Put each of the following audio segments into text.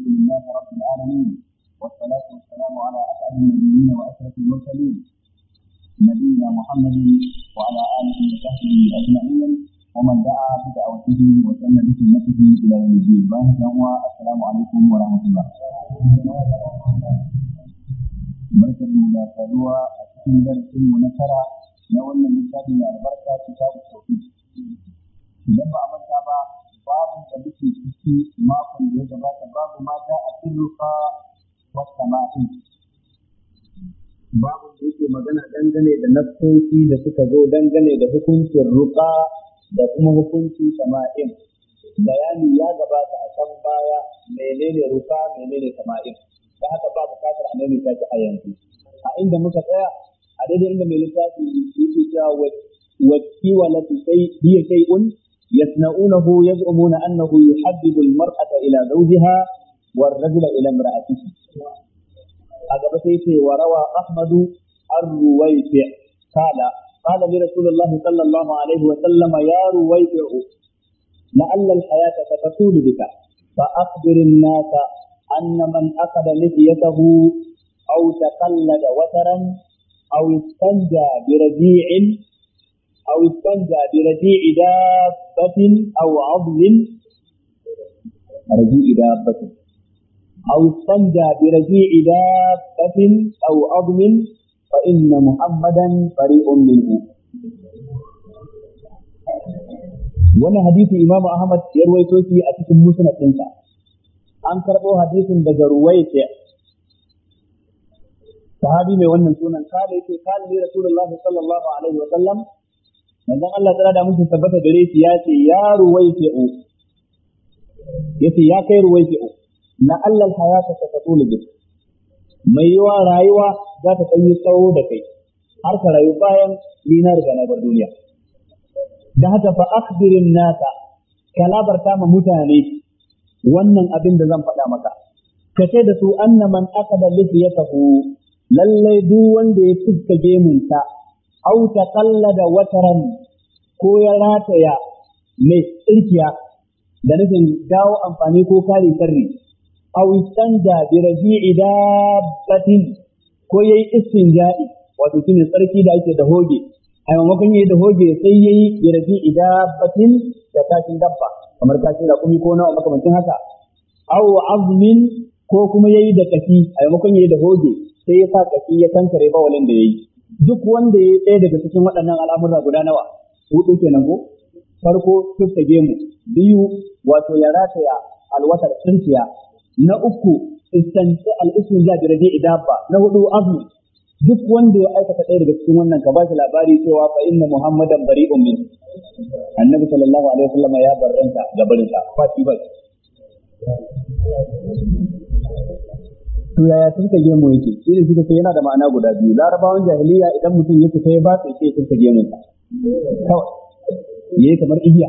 الحمد لله رب العالمين والصلاة والسلام على أسعد المؤمنين وأشرف المرسلين نبينا محمد وعلى آله وصحبه أجمعين ومن دعا بدعوته وسن بسنته إلى يوم الدين بارك السلام عليكم ورحمة الله barkar mu da saduwa a cikin darasin mu na tara na كتاب littafin da albarka kitabu tauhid idan babu da muke ciki makon da ya gabata babu mata a rufa wata ma'in. Babu da yake magana dangane da nassosi da suka zo dangane da hukuncin ruka da kuma hukuncin sama'in. Bayani ya gabata a can baya menene ruka menene sama'in. Da haka babu kasar a maimaita shi a yanzu. A inda muka tsaya a daidai inda mai lissafi yake cewa wacce wala sai biya sai un يصنعونه يزعمون أنه يحبب المرأة إلى زوجها والرجل إلى امرأته أجاب سيتي وروى أحمد الرويفع قال قال لرسول الله صلى الله عليه وسلم يا رويفع لعل الحياة ستطول بك فأخبر الناس أن من أخذ لحيته أو تقلد وترا أو استنجى برجيع أو استنجى برجيع دابة أو عضل رجيع دابة أو استنجى برجيع دابة أو عضل فإن محمدا فريء منه وانا حديث إمام أحمد يروي توتي أتيت المسنة تنسى أن تربو حديث بجرويته صحابي من وانا نسونا إيه؟ قال لي رسول الله صلى الله عليه وسلم manzon Allah tsara da musu tabbata gare shi ya ce ya ruwaifi'u yace ya kai ruwaifi'u na Allah hayata ta mai yiwa rayuwa za ta sanyi tsawo da kai har ka rayu bayan dinar da nabar duniya da haka fa akhbirin nata ka ma mutane wannan abin da zan faɗa maka ka ce da su anna man aqada lifiyatahu lallai duk wanda ya tuska gemunta au kallada wataran ko ya rataya mai tsirkiya da nufin dawo amfani ko kare A au istanda bi raji'i dabbatin ko ya yi yayi istinja'i wato ne tsarki da ake da hoge a maimakon yi da hoge sai yi bi raji'i dabbatin da kashin dabba kamar kashin raƙumi ko nawa makamancin haka au azumin ko kuma ya yi da kashi a maimakon yi da hoge sai ya sa kashi ya kankare bawalin da ya yi. duk wanda ya ɗaya daga cikin waɗannan al'amura guda nawa hudu kenan ko farko tufta gemu biyu wato ya rataya alwatar tsintiya na uku istanci al'isin zabira ne idabba na hudu azmi duk wanda ya aikata ɗaya daga cikin wannan ka ba shi labari cewa fa inna muhammadan bari'un min annabi sallallahu alaihi wasallam ya barranta gabarinsa fati bai to yaya ka gemu yake shi ne suka ce yana da ma'ana guda biyu larabawan jahiliya idan mutum ya fita ya ba sai sun turka gemun sa kawai yayi kamar igiya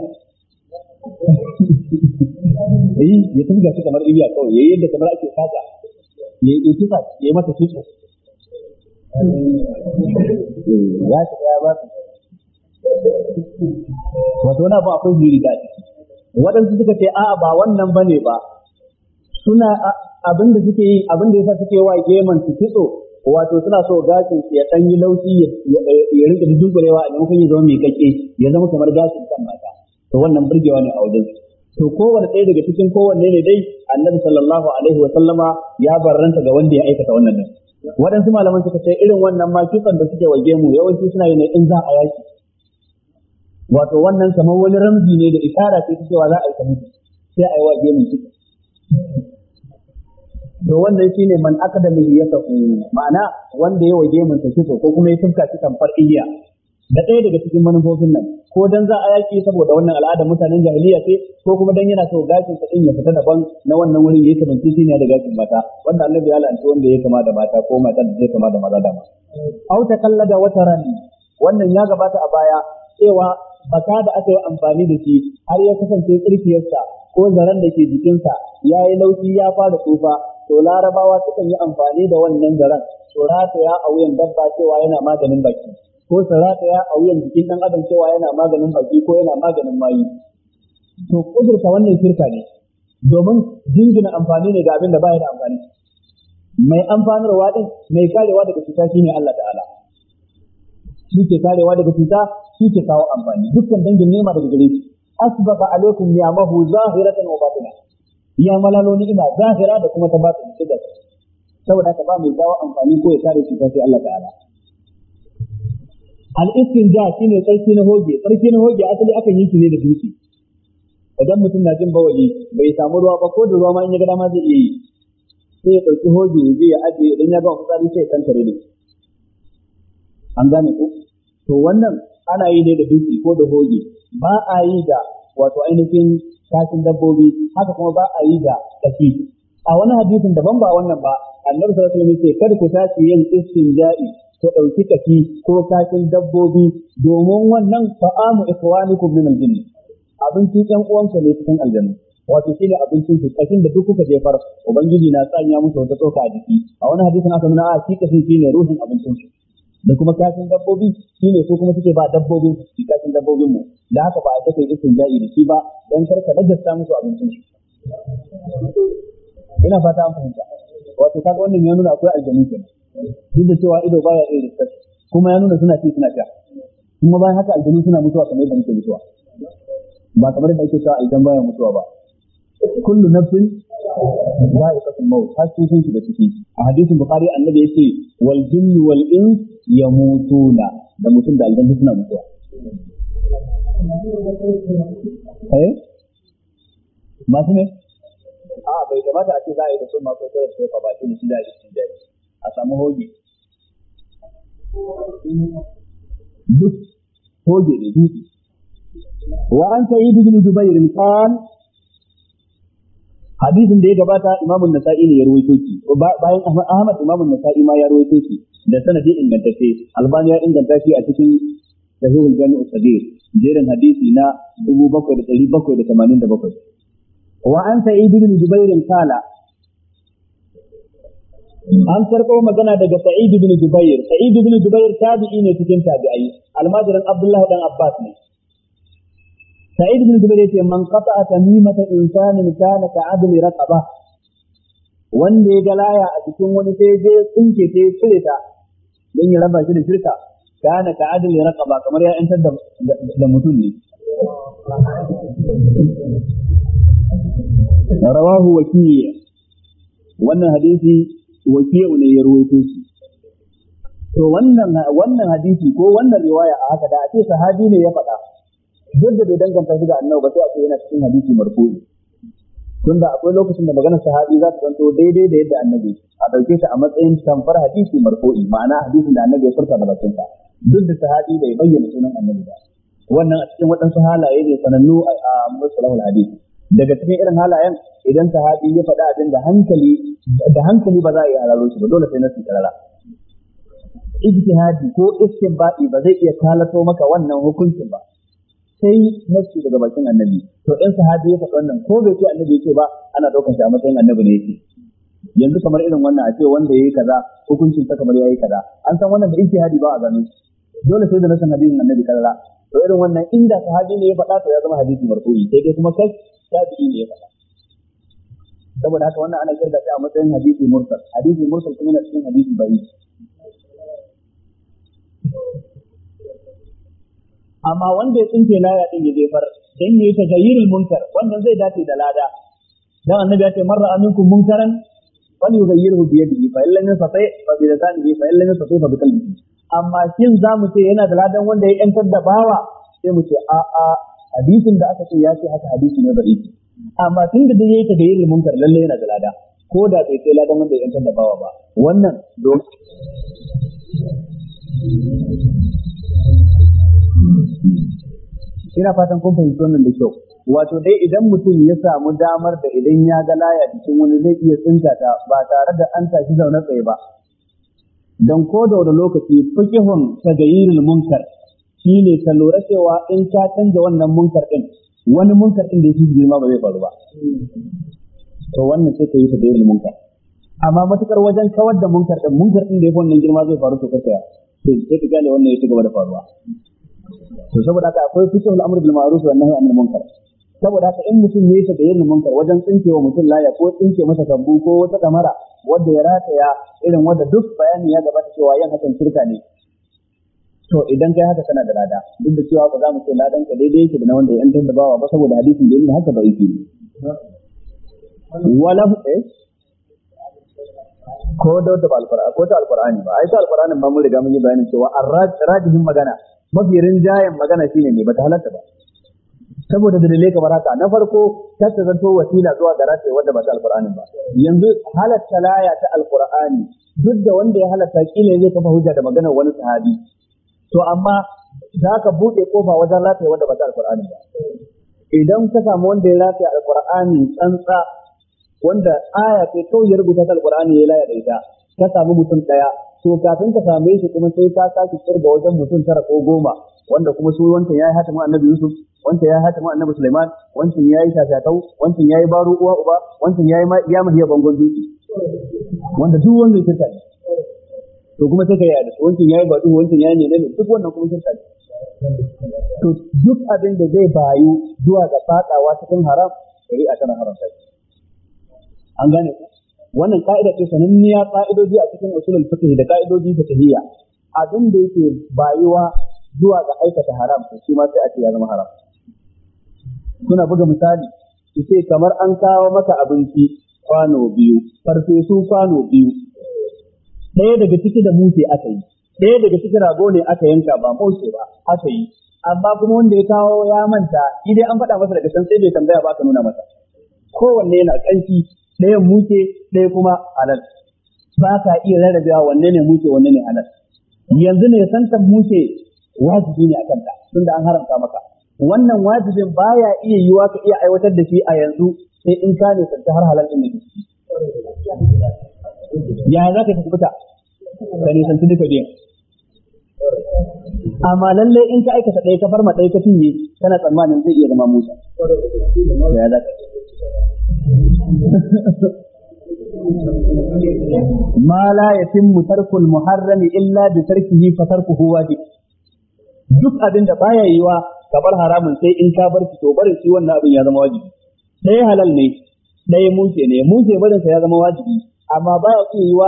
yayi ya turka shi kamar igiya kawai yayi yadda kamar ake saka ya yi kisa ya masa kitso eh, ya ta ya ba wato wani abu akwai jiri da waɗansu suka ce a'a ba wannan bane ba suna abin da suke yi abin da yasa suke wa geman su kitso wato suna so gashin ya dan yi laushi ya rinka dunkulewa a maimakon ya zama mai kake ya zama kamar gashin kan mata to wannan burgewa ne a wajen su to kowanne ɗaya daga cikin kowanne ne dai annabi sallallahu alaihi wa sallama ya barranta ga wanda ya aikata wannan din waɗansu malaman suka ce irin wannan ma kitson da suke wa gemu, yawanci suna yi ne in za a yaki wato wannan kamar wani ramzi ne da isara ce cewa za a yi kamar sai a yi wa gemu kitson to wannan ne man aqada min yasafu ma'ana wanda ya waje mun ta kitso ko kuma ya tunka shi tamfar igiya da ɗaya daga cikin manufofin nan ko dan za a yaki saboda wannan al'adar mutanen jahiliya ce ko kuma dan yana so gashin sa din ya fita daban na wannan wurin yake ban shi ne da gashin mata wanda Allah ya la'anta wanda ya kama da mata ko mata da zai kama da maza da ma au wata rani, wannan ya gabata a baya cewa baka da aka yi amfani da shi har ya kasance tsirkiyarsa ko zaren da ke jikinsa ya yi laushi ya fara tsufa to larabawa sukan yi amfani da wannan zaren to rataya a wuyan dabba cewa yana maganin baki ko su rataya a wuyan jikin ɗan adam cewa yana maganin baki ko yana maganin mayu to kudurta wannan shirka ne domin jingina amfani ne ga abin da baya da amfani mai amfanarwa din mai karewa daga cuta shine Allah ta'ala shi ke karewa daga cuta shi ke kawo amfani dukkan dangin nema daga gare shi asbaba alaikum ni'amahu zahiratan wa batina ya malalo ina zahira da kuma ta batin shi saboda ka ba mai dawo amfani ko ya kare shi sai Allah ta'ala al-istinja shine tsarki na hoge tsarki na hoge asali akan yi shi ne da dutse idan mutum na jin bawali bai samu ruwa ba ko da ruwa ma in ya ga dama zai iya yi sai ya ɗauki hoge ya je ya aje idan ya gama fitsari sai ya tare ne an gane ko to wannan ana yi ne da dutse ko da hoge ba a yi da wato ainihin kashin dabbobi haka kuma ba a yi da tafi a wani hadisin daban ba wannan ba annabi sallallahu alaihi wasallam kada ku sace yin istinja'i ku ɗauki kafi ko kafin dabbobi domin wannan fa'amu ikhwanukum min aljinn jinn abincin ɗan uwanka ne cikin aljanna wato shine abincin su kafin da duk kuka jefar ubangiji na sanya musu wata tsoka a jiki a wani hadisin aka nuna a cikin shine ruhin abincin su da kuma kashin dabbobi shi ne ko kuma suke ba dabbobin shi, kashin dabbobin mu da haka ba a take istinja'i da shi ba dan karka najasta musu abincin su ina fata an fahimta wato kaga wannan ya nuna akwai aljanu kenan duk da cewa ido baya iya riskar kuma ya nuna suna ci suna sha kuma bayan haka aljanu suna mutuwa kamar yadda muke mutuwa ba kamar yadda ake cewa aljan baya mutuwa ba kullu nafsin za'iqatul maut har sun shiga ciki a hadisin bukhari annabi yace wal jinni wal ins ya mutu na da mutum da aljanna suna mutuwa eh masu ne a bai kamata a ce za a yi da sun masu da su fa baki da shi da shi a samu hoge duk hoge ne dutse. wa an ta yi ibn Dubai qal hadisin da ya gabata imamun nasa'i ne ya rawaito shi bayan ahmad imamun nasa'i ma ya rawaito shi da sanadi ingantacce albani ya inganta shi a cikin sahihul jami'u sabir jerin hadisi na 7787 wa an sa'id ibn jubair kala. an sarko magana daga sa'id ibn jubair sa'id ibn jubair tabi'i ne cikin tabi'ai almajirin abdullah dan abbas ne sa'id ibn jubair yace man qata'a tamimata insanin kana ka'adli raqaba wanda ya ga laya a cikin wani sai je tsinke ta ya cire ta don ya raba shi da shirka kana ka adal ya ba kamar ya intar da mutum ne rawahu wakiyya wannan hadisi wakiyya ne ya ruwaito shi to wannan wannan hadisi ko wannan riwaya a haka da a ce sahabi ne ya faɗa duk da bai danganta shi ga annabi ba sai a ce yana cikin hadisi marfu'i tunda akwai lokacin da maganar sahabi za ta zanto daidai da yadda annabi a dauke shi a matsayin tamfar hadisi marfu'i ma'ana hadisin da annabi ya furta da sa duk da sahabi bai bayyana sunan annabi ba wannan a cikin waɗansu halaye ne sanannu a musalahul hadisi daga cikin irin halayen idan sahabi ya faɗa abin da hankali da hankali ba za a yi halalo shi ba dole sai na su karara ijtihadi ko istinbati ba zai iya kalato maka wannan hukuncin ba sai nasu daga bakin annabi to in sahabi ya faɗi wannan ko bai ce annabi yake ba ana ɗaukar shi a matsayin annabi ne yake yanzu kamar irin wannan a ce wanda yayi kaza hukuncin sa kamar yayi kaza an san wannan da ijtihadi ba a gano shi dole sai da nasan hadisin annabi kaza to irin wannan inda sahabi ne ya faɗa to ya zama hadisi marfu'i sai dai kuma kai tabi'i ne ya faɗa saboda haka wannan ana kirga shi a matsayin hadisi mursal hadisi mursal kuma yana cikin hadisi bai amma wanda ya tsinke laya din ya jefar dan ta tagayyirul munkar wannan zai dace da lada dan annabi ya ce marra aminkum munkaran falyughayyirhu bi yadihi fa illam yastati fa bi lisanihi fa illam yastati fa bi qalbihi amma za zamu ce yana da ladan wanda ya yantar da bawa sai mu ce a a hadisin da aka ce ya ce haka hadisi ne da'ifi amma tun da dai yayi tagayyirul munkar lalle yana da lada ko da bai kai ladan wanda ya yantar da bawa ba wannan don ina fatan kun fahimci wannan da kyau wato dai idan mutum ya samu damar da idan ya ga laya cikin wani zai iya tsinta ta ba tare da an tashi zaune tsaye ba dan ko da wani lokaci fiqhun tagayyirul munkar shine ka lura cewa in ka canza wannan munkar din wani munkar din da yake girma ba zai faru ba to wannan sai ka yi tagayyirul munkar amma matukar wajen kawar da munkar din munkar din da ya fi wannan girma zai faru to kaka sai ka gane wannan ya ci gaba da faruwa to saboda haka akwai fitar al'amr bil ma'ruf wa nahy anil munkar saboda haka in mutum ya yi ta da yin munkar wajen tsinkewa mutum laya ko tsinke masa kambu ko wata kamara wadda ya rataya irin wanda duk bayani ya gabata cewa yin hakan shirka ne to idan kai haka kana da lada duk da cewa ba za mu ce ladan ka daidai yake da na wanda ya yantar da bawa ba saboda hadisin da yin haka ba yake wala eh ko da wata alqur'ani ko ta alqur'ani ba ai ta alqur'anin ba mun riga mun yi bayanin cewa arrajihin magana mafi rinjayen magana shi ne bata halatta ba saboda dalilai kamar haka na farko ta zanto wasila zuwa ga rataye wanda ba ta Alƙur'ani ba yanzu halatta laya ta Alƙur'ani, duk da wanda ya halatta ne zai kafa hujja da maganar wani sahabi to amma za ka buɗe ƙofa wajen rataye wanda ba ta alqur'ani ba idan ka samu wanda ya rataye alqur'ani tsantsa wanda aya ce kawai ya rubuta ta alqur'ani ya laya da ita ka samu mutum ɗaya. to kafin ka same shi kuma sai ka sake kirga wajen mutum tara ko goma wanda kuma su wancan ya yi hata mu annabi Yusuf wancan ya yi hata mu annabi Sulaiman wancan ya yi shashatau, wancan yi baro uwa uba wancan ya yayi ya mahiya bangon dutse wanda duk wannan shirka ne to kuma sai ka yi da wancan ya ba bado wancan ya ne ne duk wannan kuma shirka ne to duk abin da zai bayu zuwa ga fadawa cikin haram shari'a haram sai an gane ku wannan ka'ida ce sananniya ka'idoji a cikin usulul fiqh da ka'idoji fiqhiyya abin da yake bayuwa zuwa ga aikata haram shi ma sai a ce ya zama haram suna buga misali su ce kamar an kawo maka abinci kwano biyu su kwano biyu ɗaya daga ciki da muke aka yi ɗaya daga ciki rago ne aka yanka ba mauce ba aka yi amma kuma wanda ya kawo ya manta idai an faɗa masa daga can sai bai tambaya ba ka nuna masa kowanne yana ƙanshi ɗayan muke ɗaya kuma alal ba ka iya rarrabewa wanne ne muke wanne ne alal yanzu ne santan muke wajibi ne a kanka tunda an haramta maka wannan wajibin baya iya yiwa ka iya aiwatar da shi a yanzu sai in ka ne santa har halal din ne ya za ka kubuta ka ne santa duka biyan amma lalle in ka aikata ɗaya ka farma ɗaya ka cinye kana tsammanin zai iya zama musa ya za ka ما لا يتم ترك المحرم illa بتركه فتركه fa duk abin da baya yiwa ka bar haramun sai in ka bar to barin shi wannan abin ya zama wajibi ɗaya halal ne ɗaya muke ne muke barin sa ya zama wajibi amma baya iya yiwa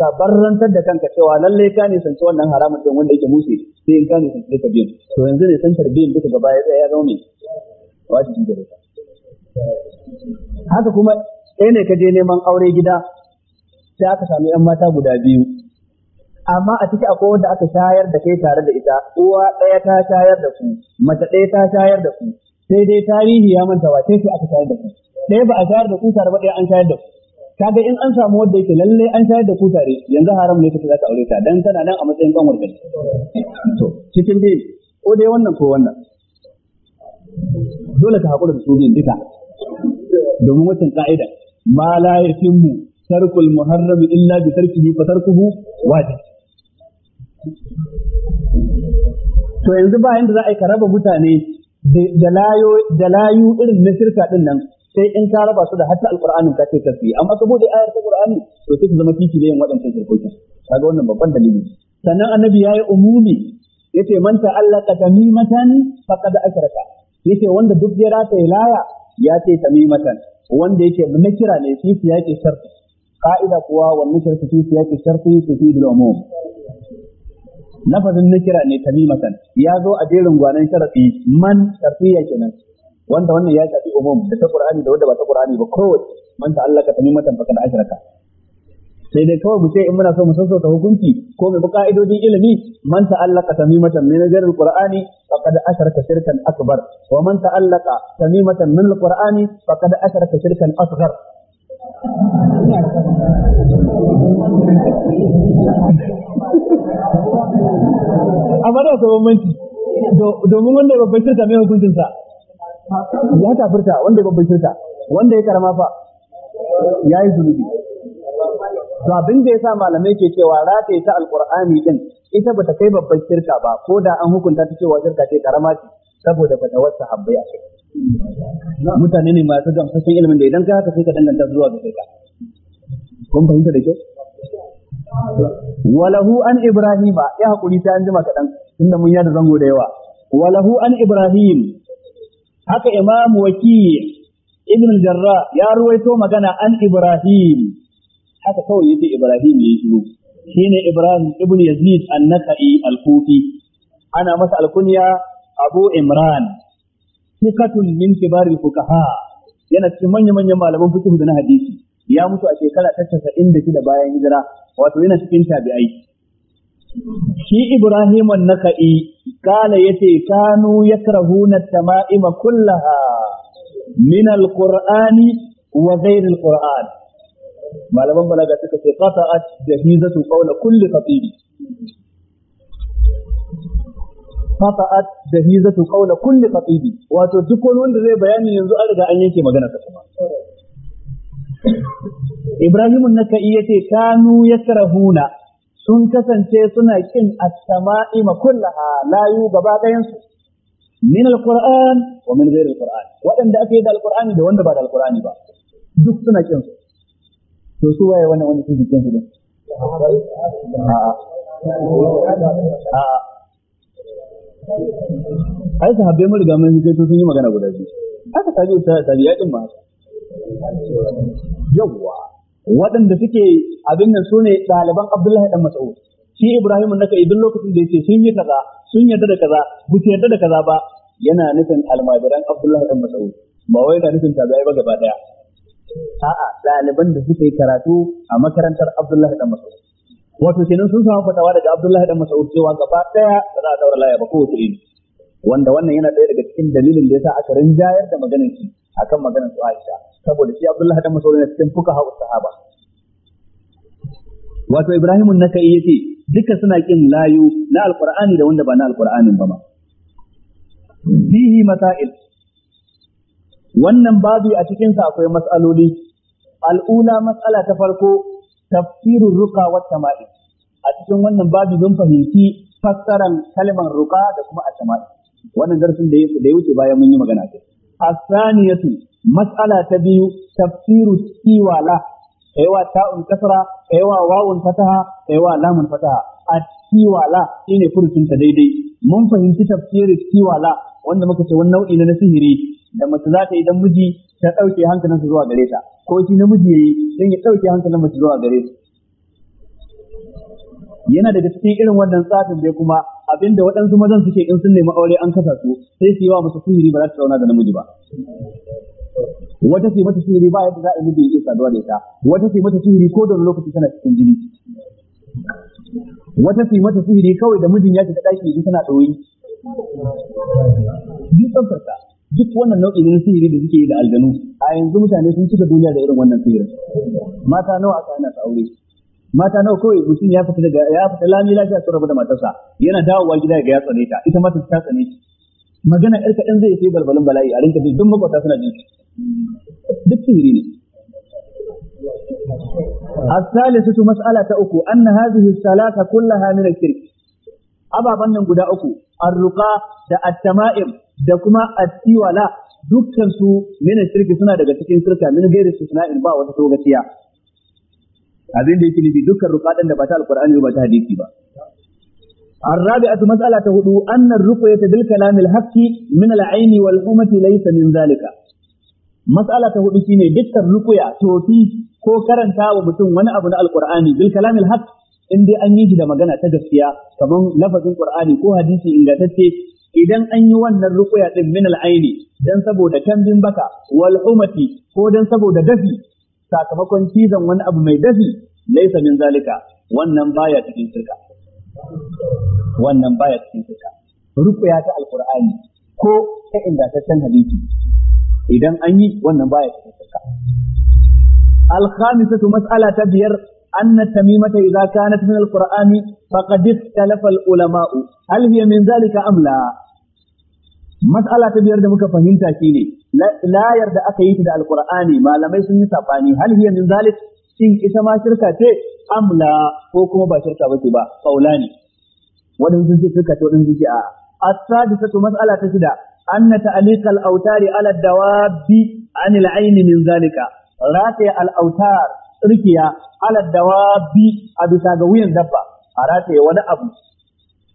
ka barrantar da kanka cewa lalle ka ne sanci wannan haramun din wanda yake muke sai in ka ne sanci duka biyan to yanzu ne san tarbiyyar duka gaba ya zama ne wajibi da haka kuma ɗaya ne ka je neman aure gida sai aka sami yan mata guda biyu amma a ciki akwai wanda aka shayar da kai tare da ita uwa ɗaya ta shayar da su mace ɗaya ta shayar da su sai dai tarihi ya manta wace ce aka shayar da ku ɗaya ba a shayar da ku tare ba ɗaya an shayar da ku kaga in an samu wanda yake lalle an shayar da ku tare yanzu haram ne kace za ka aure ta dan tana nan a matsayin ɗan ka to cikin dai ko dai wannan ko wannan dole ka haƙura da su biyun duka domin wacin ka'ida ma la mu tarkul muharrami illa bi tarkihi fa tarkuhu wajib to yanzu bayan da za a yi raba mutane da layu irin na shirka din nan sai in ka raba su da hatta alqur'anin ka ce tafi amma saboda ayar ta qur'ani to sai zama kiki da yin waɗannan shirkokin kaga wannan babban dalili sannan annabi yayi umumi yace man da tamimatan faqad Ya yace wanda duk ya rataye laya ya ce tamimatan wanda yake na kira ne fi siyaqi sharti ka'ida kuwa wannan sharti fi siyaqi sharti tufidul umum lafazin na kira ne tamimatan ya zo a jerin gwanan sharafi man shartiya kenan wanda wannan ya shafi umum da ta qur'ani da wanda ba ta qur'ani ba kowace man ta'allaka tamimatan faqad ashraka sai dai kawai mu ce in muna so mu sassauta hukunci ko mai bi ka'idojin ilimi man ta'allaka tamimatan min ghairil qur'ani faqad asharaka shirkan akbar wa man ta'allaka tamimatan min al-qur'ani faqad asharaka shirkan asghar amma da sabon manci domin wanda ya babban shirka mai hukuncinsa ya tafirta wanda ya babban shirka wanda ya karama fa ya yi zunubi to abin da yasa malamai ke cewa rataye ta alqur'ani din ita bata kai babban shirka ba ko da an hukunta ta cewa shirka ce karama ce saboda bata wasa habbai a kai mutane ne masu gamsashen ilimin da idan ka haka sai ka danganta zuwa ga shirka kun fahimta da kyau walahu an ibrahima ya hakuri ta anjima kadan kaɗan tunda mun yada zango da yawa walahu an ibrahim haka imam waki ibn jarra ya ruwaito magana an ibrahim haka kawai yace Ibrahim ya Shi ne Ibrahim ibn Yazid an-Nakhai al-Kufi ana masa alkunya Abu Imran sikatun min kibari fuqaha yana cikin manyan manyan malaman fiqh da na hadisi ya mutu a shekara ta 96 bayan hijira wato yana cikin tabi'ai shi Ibrahim an-Nakhai kala yace kanu yakrahuna at-tama'ima kullaha min al-Qur'ani wa ghayr al-Qur'an malaman balaga suka ce qata'at jahizatu qawla kulli khatib qata'at jahizatu qawla kulli khatib wato duk wani wanda zai bayani yanzu an riga an yanke magana ta kuma Ibrahim an-Nakai yace kanu yakrahuna sun kasance suna kin at sama'i kullaha layu gaba ɗayan su min al-Qur'an wa min ghairi al-Qur'an waɗanda ake da al-Qur'ani da wanda ba da al-Qur'ani ba duk suna kin su to su waye wannan wani jikin su ne a ai sahabbai mun riga mun kai to sun yi magana guda biyu aka tabi ta tabi ya din ma yawwa waɗanda suke abin nan sune ɗaliban Abdullahi dan Mas'ud shi Ibrahim naka idan lokacin da yake sun yi kaza sun yarda da kaza bu yarda da kaza ba yana nufin almajiran Abdullahi dan Mas'ud ba wai yana nufin tabi'ai ba gaba daya a'a ɗaliban da suka yi karatu a makarantar Abdullahi dan Mas'ud wato kenan sun samu fatawa daga Abdullahi dan Mas'ud cewa gaba daya ba za a daura laya ba kowace ne. wanda wannan yana ɗaya daga cikin dalilin da yasa aka rinjayar da maganar shi akan maganar su Aisha saboda shi Abdullahi dan Mas'ud ne cikin fuqaha sahaba wato Ibrahim nakai yace duka suna kin layu na alqur'ani da wanda ba na alqur'anin ba ma Bihi masail wannan babu a cikinsa akwai matsaloli al'ula matsala ta farko tafsirin ruka wata ma'i a cikin wannan babu mun fahimci fassaran kalmar ruka da kuma a wannan darasin da ya wuce bayan mun yi magana ce asaniyatu matsala ta biyu tafsiru siwala kaiwa ta'un kasra kaiwa wawun fataha kaiwa lamun fataha a ciwala shine furucin ta daidai mun fahimci tafsirin siwala wanda muka ce wani nau'i na sihiri da mace za ta yi dan miji ta ɗauke hankalinsa zuwa gare ta ko shi namiji yayi dan ya ɗauke hankalin mace zuwa gare ta yana daga cikin irin wannan tsafin dai kuma abinda waɗansu mazan suke in sun nemi aure an kasa su sai su yi wa mace sihiri ba za ta zauna da namiji ba wata ce mata sihiri ba yadda za a yi miji ya saduwa da ita wata ce mata sihiri ko da wani lokaci tana cikin jini wata ce mata sihiri kawai da mijin ya shiga ɗaki ne tana ɗoyi duk ɗaukar duk wannan nau'i na sihiri da suke yi da aljanu a yanzu mutane sun cika duniya da irin wannan sihiri. mata nawa aka ana ta aure mata nawa kawai mutum ya fita daga ya fita lami lafiya sun rabu da matarsa yana dawowa gida ga ya tsane ta ita ma ta tsane shi magana yar ɗan zai sai balbalin bala'i a rinka duk makwata suna jin duk sihiri ne الثالثة مسألة أكو أن هذه الثلاثة كلها من الشرك أبا بنن قد أكو الرقى da التمائم da kuma atiwala tiwala dukkan su mina shirki suna daga cikin shirka min gairi in ba wata togaciya abin da yake nufi dukkan ruqadan da ba ta alqur'ani ba ta hadisi ba الرابعة مسألة هدو أن الرقية بالكلام الحق من العين والأمة ليس من ذلك مسألة هدو شيني دكت الرقية توتي كو كرن تاو متون وانا أبناء القرآن بالكلام الحق in dai an yi shi da magana ta gaskiya kamar lafazin ƙur'ani ko hadisi ingantacce idan an yi wannan rukuya din min al-aini dan saboda tambin baka wal umati ko dan saboda dafi sakamakon cizon wani abu mai dafi laisa min zalika wannan baya cikin shirka wannan baya cikin shirka rukuya ta alqur'ani ko ta ingantaccen hadisi idan an yi wannan baya cikin shirka al-khamisatu mas'ala ta biyar أن التميمة إذا كانت من القرآن فقد اختلف العلماء هل هي من ذلك أم لا مسألة تبير دمك فهمت شيني لا, لا يرد أكيد دا القرآن ما لم يسمي سباني هل هي من ذلك شين إسما شركة أم لا فوكما با شركة بتبا قولاني ودن زنجي شركة ودن زنجي آه السادسة مسألة تسدى أن تعليق الأوتار على الدواب عن العين من ذلك راتي الأوتار تركيا ala dawabi a bisa ga wuyan dabba a rataye wani abu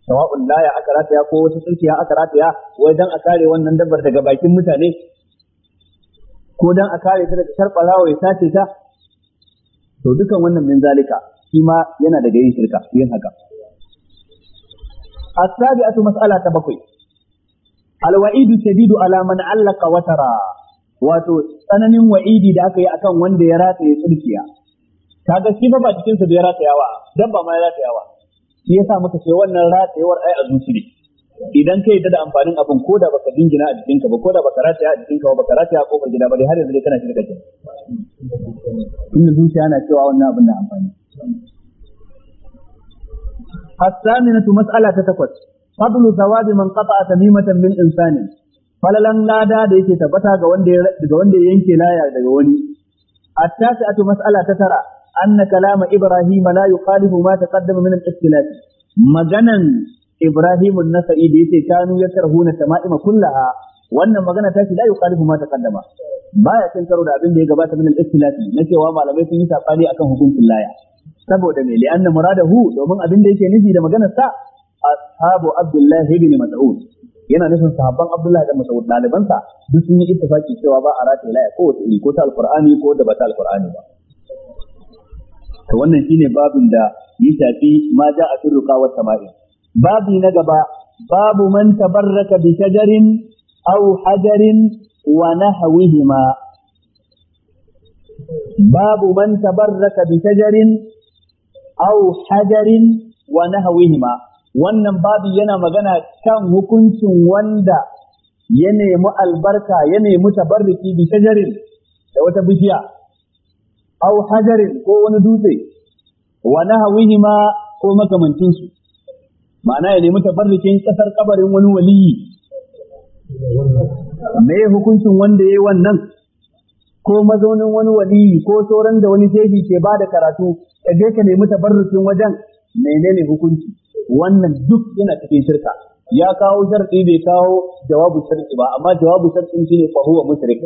sawa'un laya aka rataya ko wasu tsinkiya aka rataya wai dan a kare wannan dabbar daga bakin mutane ko dan a kare ta daga sharbarawa ya sace ta to dukan wannan min zalika shi ma yana daga yin shirka yin haka ta bakwai. Al-Wa'idu الشديد على من علق watara. wato tsananin wa'idi da aka yi akan wanda ya rataye tsirkiya. ga shi ba ba cikin sa da ya ratayawa ba ma ya ratayawa shi yasa muka ce wannan ratayewar ai a zuci ne idan ka da amfanin abin ko da baka dingina a jikinka ba ko da baka rataya a jikinka ba baka rataya a kofar gida ba dai har yanzu dai kana shirka kenan tunda zuciya na cewa wannan abin da amfani الثامنة مسألة تتكوت فضل ثواب من قطع تميمة من إنسان falalan lada da yake tabbata ga wanda daga wanda ya yanke laya daga wani attasi'atu mas'ala ta tara أن كلام إبراهيم لا يخالف ما تقدم من الاختلاف مجانا إبراهيم النسائي ديتي كانوا يكرهون التمائم كلها wannan magana ta ce la yuqalifu ma taqaddama baya cin karo da abin da ya gabata min al na cewa malamai sun yi sabani akan hukuncin laya saboda me li anna hu, domin abin da yake nufi da maganar sa ashabu abdullah ibn mas'ud yana nufin sahabban abdullahi da mas'ud daliban sa duk sun yi ittifaki cewa ba a rataye laya ko wata iri ko ta alqur'ani ko da ba Alkur'ani ba to wannan shine babin da ya shafi ma za a turruka wa sama'i babi na gaba babu man tabarraka bi shajarin aw hajarin wa nahwihima babu man tabarraka bi shajarin aw hajarin wa nahwihima wannan babi yana magana kan hukuncin wanda ya nemi albarka ya nemi tabarruki bi shajarin da wata bishiya aw hajarin ko wani dutse wa nahawihima ko makamancin su ma'ana ya nemi tabarrukin kasar kabarin wani waliyi me hukuncin wanda yayi wannan ko mazaunin wani waliyi ko sauran da wani shehi ke ba da karatu kaje je ka nemi tabarrukin wajen menene hukunci wannan duk yana cikin shirka ya kawo sharɗi bai kawo jawabu sharɗi ba amma jawabu sharɗin shine fa huwa mushrik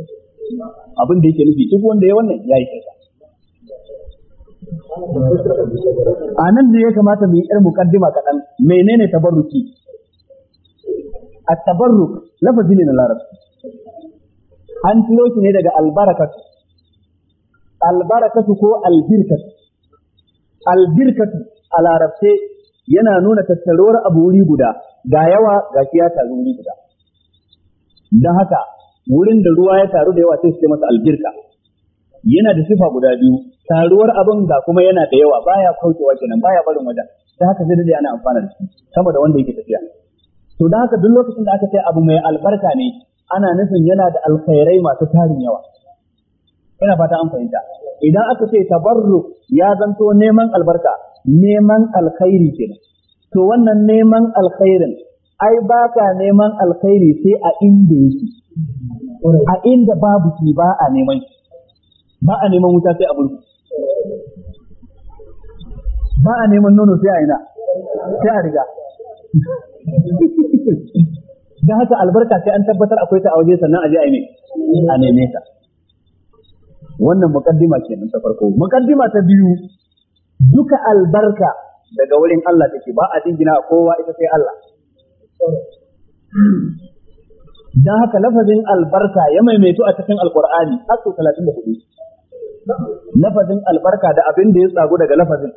abin da yake nufi duk wanda ya wannan yayi shirka a nan ne ya kamata mu yi ƴar muqaddima kaɗan menene tabarruki at-tabarruk lafazi ne na larabci an tiro shi ne daga albarakatu albarakatu ko albirkatu albirkatu a larabce yana nuna tattaruwar abu wuri guda ga yawa ga shi ya wuri guda don haka wurin da ruwa ya taru da yawa sai su ce masa albirka yana da sifa guda biyu taruwar abin ga kuma yana da yawa baya kaucewa kenan baya barin wajen da haka sai dai ana amfana da shi sama da wanda yake tafiya to da haka duk lokacin da aka ce abu mai albarka ne ana nufin yana da alkhairai masu tarin yawa ina fata an fahimta idan aka ce tabarru ya zanto neman albarka neman alkhairi kenan to wannan neman alkhairin ai ba ka neman alkhairi sai a inda yake a inda babu shi ba a neman ba a neman wuta sai a burbu ba a neman nono sai a ina sai a riga da haka albarka sai an tabbatar akwai ta a waje sannan a je a yi a neme ta wannan ce nan ta farko mukaddima ta biyu duka albarka daga wurin Allah take ba a dingina kowa ita sai Allah don haka lafazin albarka ya maimaito a cikin alqur'ani asu talatin da lafazin albarka da abin da ya tsago daga lafazin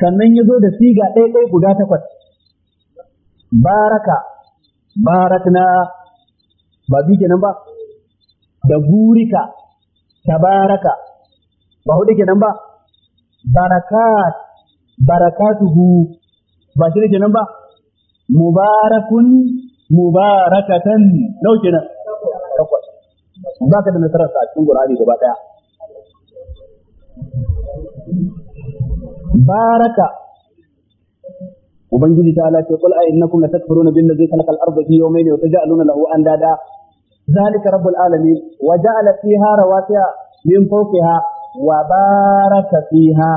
sannan ya zo da siga ɗaya guda takwas baraka barakna ba bi kenan ba da burika tabaraka ba hudu kenan ba barakat barakatuhu ba shi kenan ba mubarakun mubarakatan nau kenan ba ka da nasarar sa a cikin Qur'ani gaba daya baraka ubangiji ta ala ce qul a innakum latakfuruna billazi khalaqa al-ardha fi yawmayn wa taj'aluna lahu andada zalika rabbul alamin wa ja'ala fiha rawasiya min fawqiha wa baraka fiha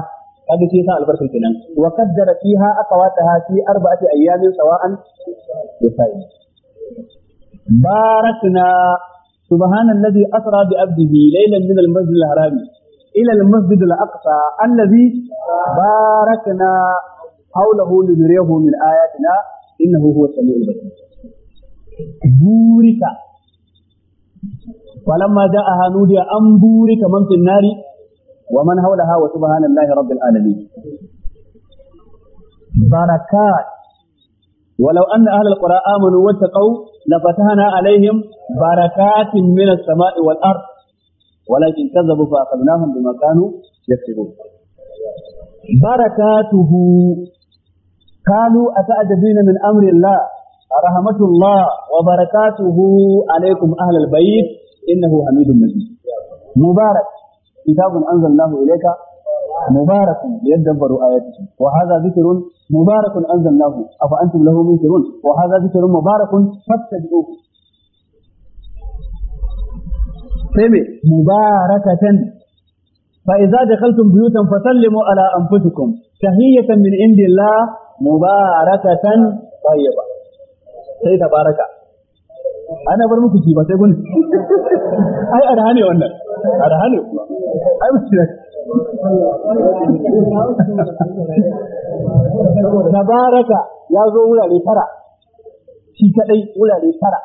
kaga shi sa albarkar kenan wa qaddara fiha aqwataha fi arba'ati ayyamin sawa'an lisa'in barakna سبحان الذي أسرى بأبده ليلا من المسجد الحرام إلى المسجد الأقصى الذي باركنا حوله لنريه من آياتنا إنه هو السميع البصير بورك ولما جاءها نودي أن بورك من في النار ومن حولها وسبحان الله رب العالمين بركات ولو أن أهل القرى آمنوا واتقوا لفتحنا عليهم بركات من السماء والأرض ولكن كذبوا فأخذناهم بما كانوا يكسبون بركاته قالوا أتعجبين من أمر الله رحمة الله وبركاته عليكم أهل البيت إنه حميد مجيد مبارك كتاب أنزلناه إليك مبارك ليدبروا آياته وهذا ذكر mubarakun anzalnahu afa antum lahu munkirun wa hadha dhikrun mubarakun fattabi'uhu sai me mubarakatan fa idza dakhaltum buyutan fasallimu ala anfusikum tahiyatan min indillah mubarakatan tayyiba sai tabaraka ana bar muku ci ba sai gun ai wannan kuma tabaraka ya zo wurare tara shi kaɗai wurare tara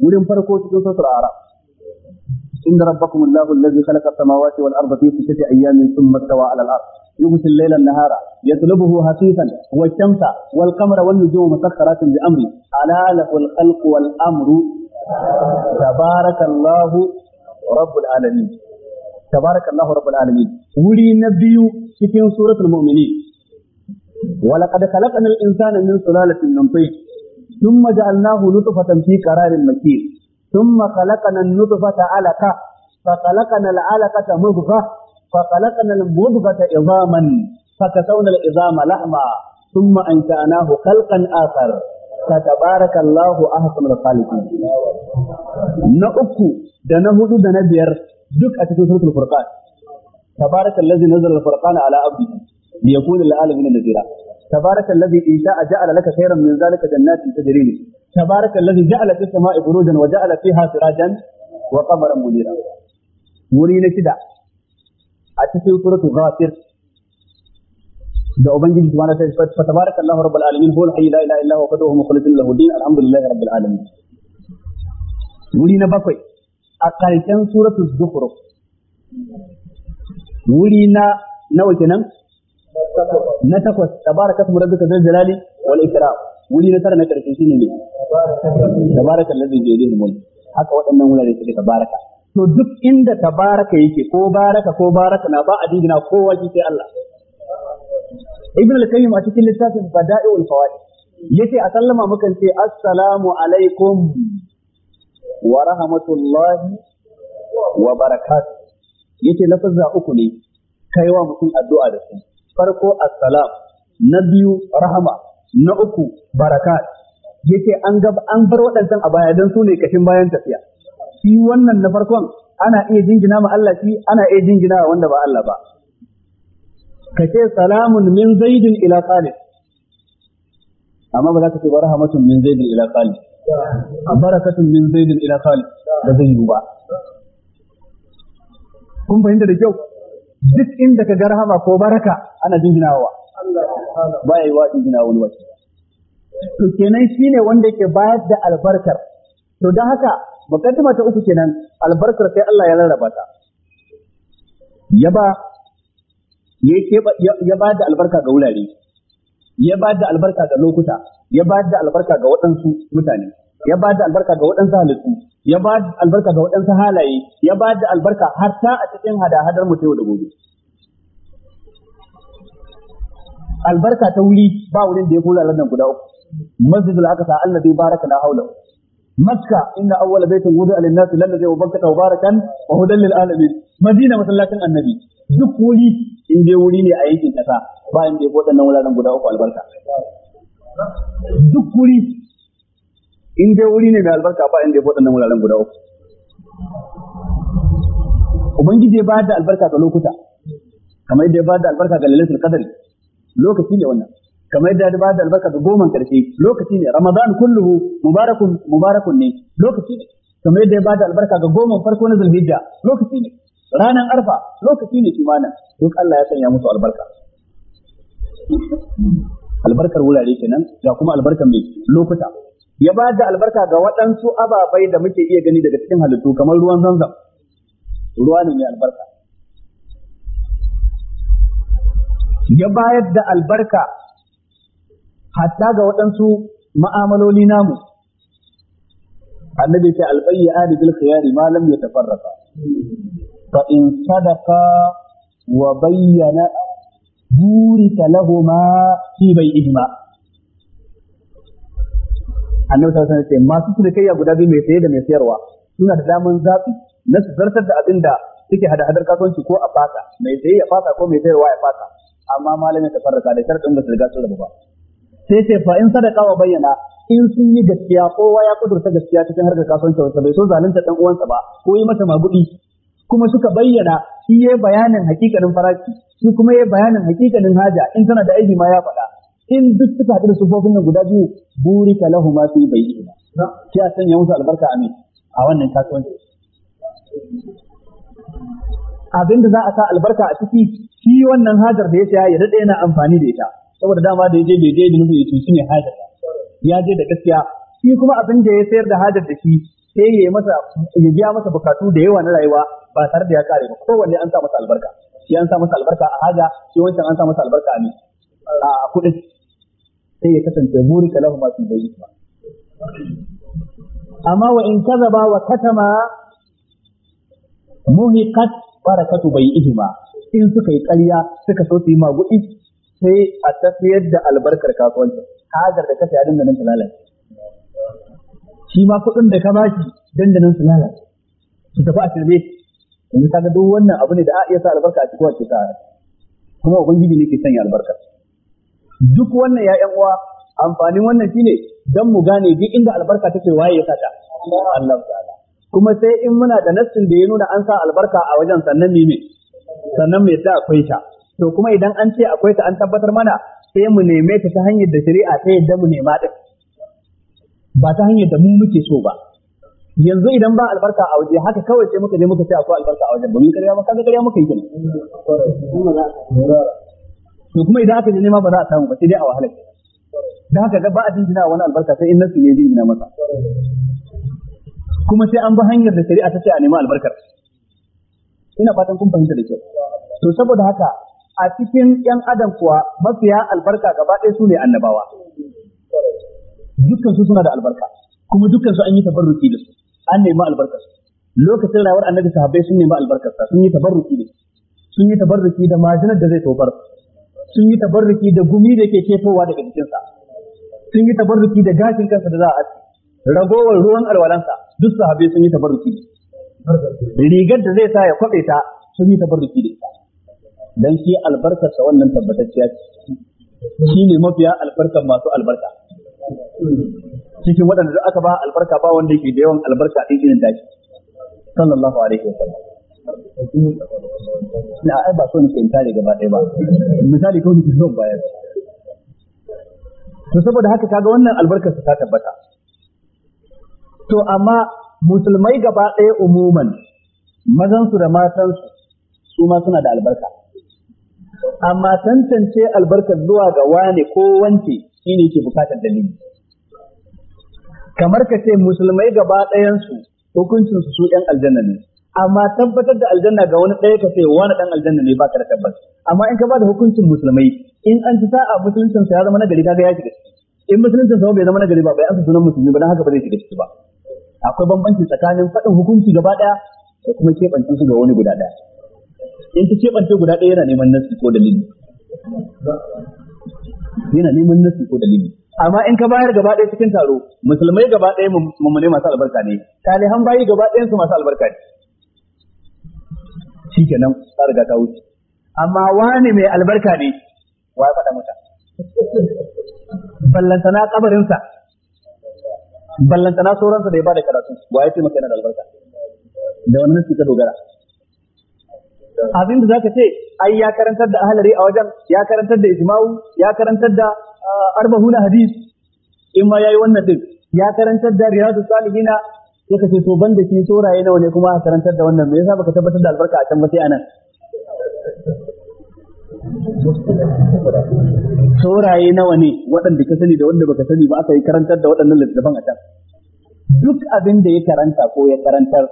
wurin farko cikin suratul arab inna rabbakum allahu alladhi khalaqa as-samawati wal arda fi sittati ayyamin thumma istawa 'ala al-arsh يغشي الليل النهار يطلبه حثيثا والشمس والقمر والنجوم مسخرات بأمره ألا له الخلق والأمر تبارك الله رب العالمين tabarakallahu rabbul alamin wuri na biyu cikin suratul mu'minin ولقد خلقنا الإنسان من سلالة من طين ثم جعلناه نطفة في قرار مكين ثم خلقنا النطفة علقة فخلقنا العلقة مضغة فخلقنا المضغة عظاما فكسونا العظام لحما ثم أنشأناه خلقا آخر فتبارك الله أحسن الخالقين نأكو دنهد دنبير duk a cikin suratul furqan tabarakallazi nazzala al-furqana ala abdihi yakuna lil alamin nadira تبارك الذي إن شاء جعل لك خيرا من ذلك ja'ala fis sama'i الذي wa ja'ala fiha sirajan wa qamaran munira muri ne kida a cikin suratul ghafir da ubangiji subhanahu wa ta'ala fa tabarakallahu rabbul alamin huwal hayy la ilaha illa huwa fatuhu mukhlisun lahu din alhamdulillahi rabbil alamin muri na bakwai a ƙarshen suratu zukhruf wuri na nawa kenan na takwas tabara kasu asmu duka zai jalali wani ikram wuri na tara na ƙarshen shi ne ne tabara kan allazi bi da mulki haka waɗannan wurare suke tabaraka to duk inda tabaraka yake ko baraka ko baraka na ba a dingina kowa shi sai Allah ibn al-qayyim a cikin littafin wal fawaid yace a sallama mukan ce assalamu alaikum wa rahmatullahi wa barakatuh yace lafazza uku ne kaiwa wa mutum addu'a da su farko assalam na biyu rahama na uku barakat yace an gab an bar waɗannan a baya dan su ne kashin bayan tafiya shi wannan na farkon ana iya jingina ma Allah shi ana iya jingina wanda ba Allah ba kace salamun min zaidin ila qalib amma ba za ka ce ba rahmatun min zaidin ila qalib barakatun min zaidin ila khalid ba zai yi ba kun fahimta da kyau duk inda ka ga rahama ko baraka ana jinginawa ba ya yi wa jingina wani wace to kenan shine wanda yake bayar da albarkar to don haka mukaddima ta uku kenan albarkar sai Allah ya rarraba ta ya ba ya ba da albarka ga wurare ya ba da albarka ga lokuta ya ba da albarka ga waɗansu mutane ya ba da albarka ga waɗansu halittu ya ba da albarka ga waɗansu halaye ya ba da albarka ta a cikin hada-hadar mu yau da gobe albarka ta wuri ba wurin da ya kula lannan guda uku masjidul aqsa allazi baraka la haula makka inna awwala baitin wudi'a lin-nasi lallazi wa baraka mubarakan wa hudan lil-alamin madina masallacin annabi duk wuri in dai wuri ne a yankin kasa bayan da ya nan wuraren guda uku albarka duk wuri in dai wuri ne mai albarka ba inda ya waɗannan wuraren guda uku ubangiji ya ba da albarka ga lokuta kamar yadda ya ba da albarka ga lalatul qadr lokaci ne wannan kamar yadda ya ba da albarka ga goman karshe lokaci ne ramadan kulluhu mubarakun mubarakun ne lokaci ne kamar yadda ya ba da albarka ga goman farko na zulhijja lokaci ne ranar arfa lokaci ne kimanin duk Allah ya sanya musu albarka albarkar wurare kenan ga kuma albarkar mai lokuta ya ba da albarka ga waɗansu ababai da muke iya gani daga cikin halittu kamar ruwan zanzam ruwa ne mai albarka ya bayar da albarka hatta ga waɗansu ma'amaloli namu annabi ce albayyi ali bil khiyari ma lam yatafarraqa fa in sadaqa wa bayyana burika lahuma fi bai'ihima annabi sallallahu alaihi wasallam masu cinikayya guda biyu mai saye da mai sayarwa suna da daman zafi na su zartar da abin da suke hada-hadar kasuwanci ko a fata mai saye ya fata ko mai sayarwa ya fata amma malamin ta farraka da sharɗin ba su riga ba sai ce fa in sadaka wa bayyana in sun yi gaskiya kowa ya kudurta gaskiya cikin harkar kasuwanci wasa bai so zalunta dan uwansa ba ko yi mata magudi kuma suka bayyana shi yayi bayanin hakikalin farashi shi kuma yayi bayanin hakikalin haja in tana da aiki ma ya faɗa in duk suka haɗu da sufofin nan guda biyu burika lahu ma fi bayyina sai a sanya musu albarka amin a wannan kasuwanci abin da za a sa albarka a ciki shi wannan hajar da ya saya ya daɗe yana amfani da ita saboda dama da ya je bai je da nufin ya cuci ne hajar ya je da gaskiya shi kuma abin da ya sayar da hajar da shi sai ya masa ya biya masa bukatu da yawa na rayuwa ba tare da ya kare ba kowanne an sa masa albarka shi an sa masa albarka a haja shi wancan an sa masa albarka a ne a kudin sai ya kasance buri kalahu ma fi bayyi ba amma wa in kazaba wa katama muhiqat barakatu bai'ihima in suka yi ƙarya suka so su yi maguɗi sai a tafiyar da albarkar kasuwancin hajar da kasa ya dinga nan ta lalace shi ma kuɗin da ka ba dandanan su lalace su tafi a shirme yanzu ga duk wannan abu ne da a iya sa albarka a cikin wace sa kuma ubangiji ne ke sanya albarka duk wannan ya'yan uwa amfanin wannan shine dan mu gane duk inda albarka take waye ya sata Allah ta'ala kuma sai in muna da nassin da ya nuna an sa albarka a wajen sannan mime sannan mai ta akwai ta to kuma idan an ce akwai ta an tabbatar mana sai mu neme ta ta hanyar da shari'a ta yadda mu nema din ba ta hanyar da mu muke so ba yanzu idan ba albarka a waje haka kawai sai muka je muka ce akwai albarka a wajen domin ƙarya karya ba kaga muka yi kenan to kuma idan aka je nema ba za a samu ba sai dai a wahala da haka ga ba a jinjina wani albarka sai in nasu ne jinjina masa kuma sai an bi hanyar da shari'a ta ce a nemi albarkar ina fatan kun fahimta da kyau to saboda haka a cikin yan adam kuwa mafiya albarka gaba ɗaya su ne annabawa dukkan su suna da albarka kuma dukkan su an yi tabarruki da su an nemi albarkar su lokacin rayuwar annabi sahabbai sun nemi albarkar sa sun yi tabarruki da sun yi tabarruki da majinar da zai tofar sun yi tabarruki da gumi da ke ketowa daga jikinsa sun yi tabarruki da gashin kansa da za a ragowar ruwan alwalansa duk sahabbai sun yi tabarruki rigar da zai sa ya kwabe ta sun yi tabarruki da ita dan shi albarkarsa wannan tabbatacciya ce shi ne mafiya albarkar masu albarka cikin waɗanda da aka ba albarka ba wanda yake da yawan albarka ɗin irin dashi sallallahu alaihi wasallam na ai ba so ne ke misali gaba ɗaya ba misali kawai ke zuwa bayar to saboda haka kaga wannan albarkar ta tabbata to amma musulmai gaba ɗaya umuman mazansu da matansu su ma suna da albarka amma tantance albarkar zuwa ga wane ko wance shine yake bukatar dalili kamar ka ce musulmai gaba ɗayansu hukuncin su su ɗan aljanna ne amma tabbatar da aljanna ga wani ɗaya ka ce wani ɗan aljanna ne ba ka da tabbas amma in ka ba da hukuncin musulmai in an ci sa'a musuluncin sa ya zama nagari ga ya shiga ciki in musuluncin sa bai zama nagari ba bai an sunan musulmi ba dan haka ba zai shiga ciki ba akwai bambanci tsakanin faɗin hukunci gaba ɗaya da kuma keɓance su ga wani guda ɗaya in ta keɓance guda ɗaya yana neman nasi ko dalili yana neman nasu ko dalili amma in ka bayar gaba ɗaya cikin taro musulmai gaba ɗaya mummune masu albarka ne talihan bayi gaba ɗaya su masu albarka ne shi kenan ta riga ta wuce amma wani mai albarka ne wa ya faɗa mata ballantana kabarinsa ballantana sauransa da ya bada karatu wa ya ce maka yana da albarka da wani nasu ka dogara abin da ka ce ai ya karantar da ahlari a wajen ya karantar da ijma'u ya karantar da ah, na hadis in ma yayi wannan din ya karantar da riyadu salihina ya ka ce to banda shi soraye nawa ne kuma a karantar da wannan me yasa baka tabbatar da albarka a can ba sai anan Soraye nawa ne waɗanda ka sani da wanda baka sani ba aka yi karantar da waɗannan littattafan a can duk abin da ya karanta ko ya karantar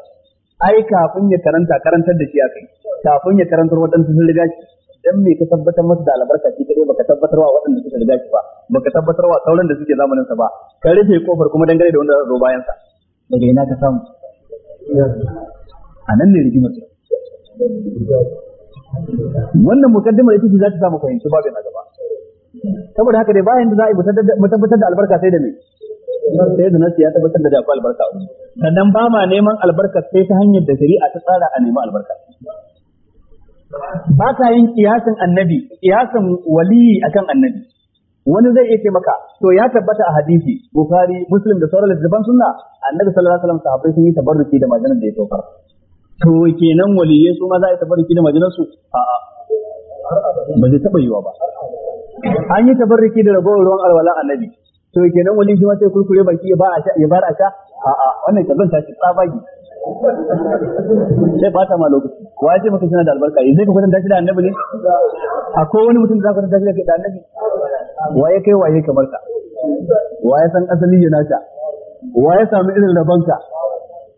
ai kafin ya karanta karantar da shi akai kafin ya karantar waɗansu sun riga shi dan me ka tabbatar masa da albarka shi kadai baka tabbatar wa waɗanda suka riga shi ba baka tabbatar wa sauran da suke zamanin sa ba ka rufe kofar kuma dangane da wanda zai zo bayan sa daga ina ka samu a nan ne rigimar wannan mukaddimar ita ce za ta samu fahimci babin na gaba saboda haka dai bayan da za a yi mu tabbatar da albarka sai da me sai da nasi ya tabbatar da akwai albarka sannan ba ma neman albarka sai ta hanyar da shari'a ta tsara a nemi albarka ba ka yin kiyasin annabi kiyasin waliyi akan annabi wani zai iya ce maka to ya tabbata a hadisi bukhari muslim da sauran littattafan sunna annabi sallallahu alaihi wasallam sahabbai sun yi tabarruki da majalar da ya saukar to kenan waliyai su ma za a yi tabarruki da majalar su a'a ba zai taba yiwa ba an yi tabarruki da ragowar ruwan alwala annabi to kenan wani shi ma sai kurkure baki ya ba a ya bar a sha a'a wannan ta ci tsabagi sai ba ta ma lokaci wa ya ce maka suna da albarka yanzu ka kwatanta shi da annabi ne akwai wani mutum da zaka kwatanta shi da annabi wa ya kai waye kamar ka wa ya san asali ya ta wa ya samu irin rabanka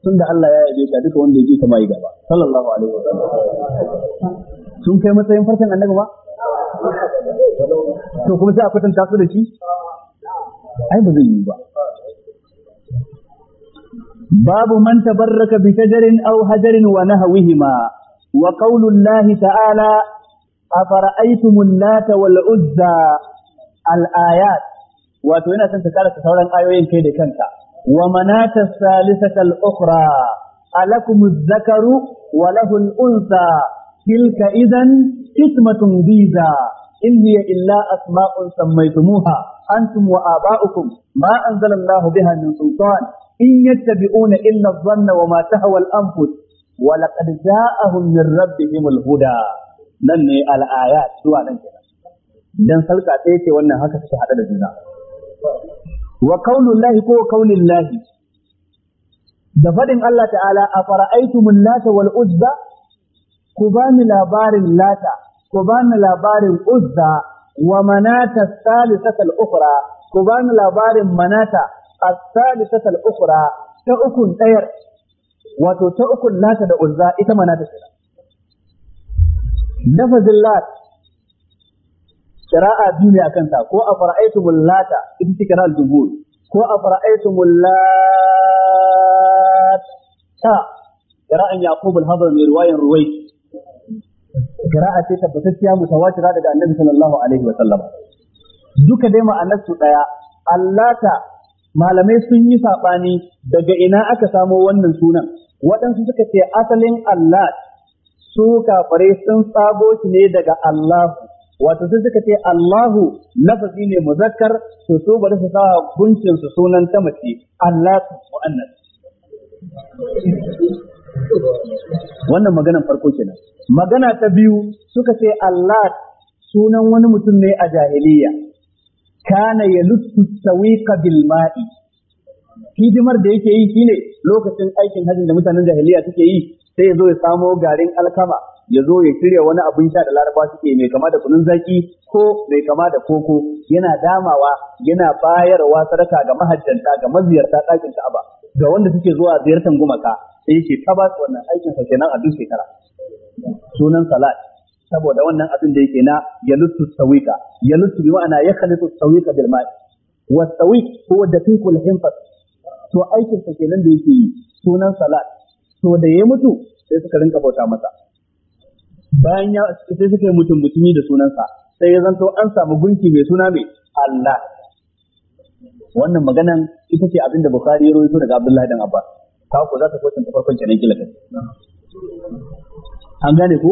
tunda Allah ya yabe ka duka wanda yake kama yi gaba sallallahu alaihi wa sallam sun kai matsayin farkon annabi ba to kuma sai a kwatanta su da shi ai ba zai yi ba babu man tabarraka bi shajarin aw hajarin wa nahwihima wa qawlu llahi ta'ala afara'aytumul lata wal uzza al ayat wato yana son ka karanta sauran ayoyin kai da kanka wa manata salisata al ukhra alakum az wa lahu al unsa tilka idan qismatun biza in hiya illa asma'un sammaytumuha antum wa aba'ukum ma anzala Allah biha min sultan in illa adh-dhanna wa ma tahwa al-anfus wa laqad ja'ahum min nan ne al-ayat zuwa nan kenan dan sarka wannan haka take hada da juna wa qaulullahi ko qaulillahi da faɗin Allah ta'ala a fara'aitumun lata wal uzza ku bani labarin lata ku bani labarin uzza wa manata salisata al-ukhra ku bani labarin manata as-salisata al-ukhra ta ukun dayar wato ta ukun lata da uzza ita manata kenan lafazin lat kira'a biyu ne akan ta ko a fara'aitumul ita ce kira ko a kira'a ce tabbatacciya mutawatira daga annabi sallallahu alaihi wa sallam duka dai ma'anarsu su daya allata malamai sun yi sabani daga ina aka samo wannan sunan waɗansu suka ce asalin allah su kafare sun tsago shi ne daga Allahu wato sai suka ce Allahu lafazi ne muzakkar to su bari su sa guncin su sunan ta mace Allah mu'annas wannan maganan farko kenan magana ta biyu suka ce Allah sunan wani mutum ne a jahiliya kana lutsu tawiqa bil ma'i hidimar da yake yi shine lokacin aikin hajjin da mutanen jahiliya suke yi sai ya zo ya samo garin alkama ya zo ya shirya wani abin sha da laraba suke mai kama da kunun zaki ko mai kama da koko yana damawa yana bayarwa sadaka ga mahajjanta ga maziyarta ɗakin Ka'aba ga wanda suke zuwa ziyartar gumaka sai yake ta ba su wannan aikin sa kenan a duk shekara sunan salat saboda wannan abin da yake na yalutu sawika yalutu bi ma'ana ya kalitu sawika bil ma'i wa sawik huwa daqiqul hinfas to aikin sa kenan da yake yi sunan salat to da ya mutu sai suka rinka bauta masa bayan ya sai suka yi mutum mutumi da sunansa sai ya zanto an samu gunki mai suna mai Allah wannan maganan ita ce abin da Bukhari ya rawaito daga Abdullahi dan Abbas ka ku za ka ta farkon kenan kila kai an gane ko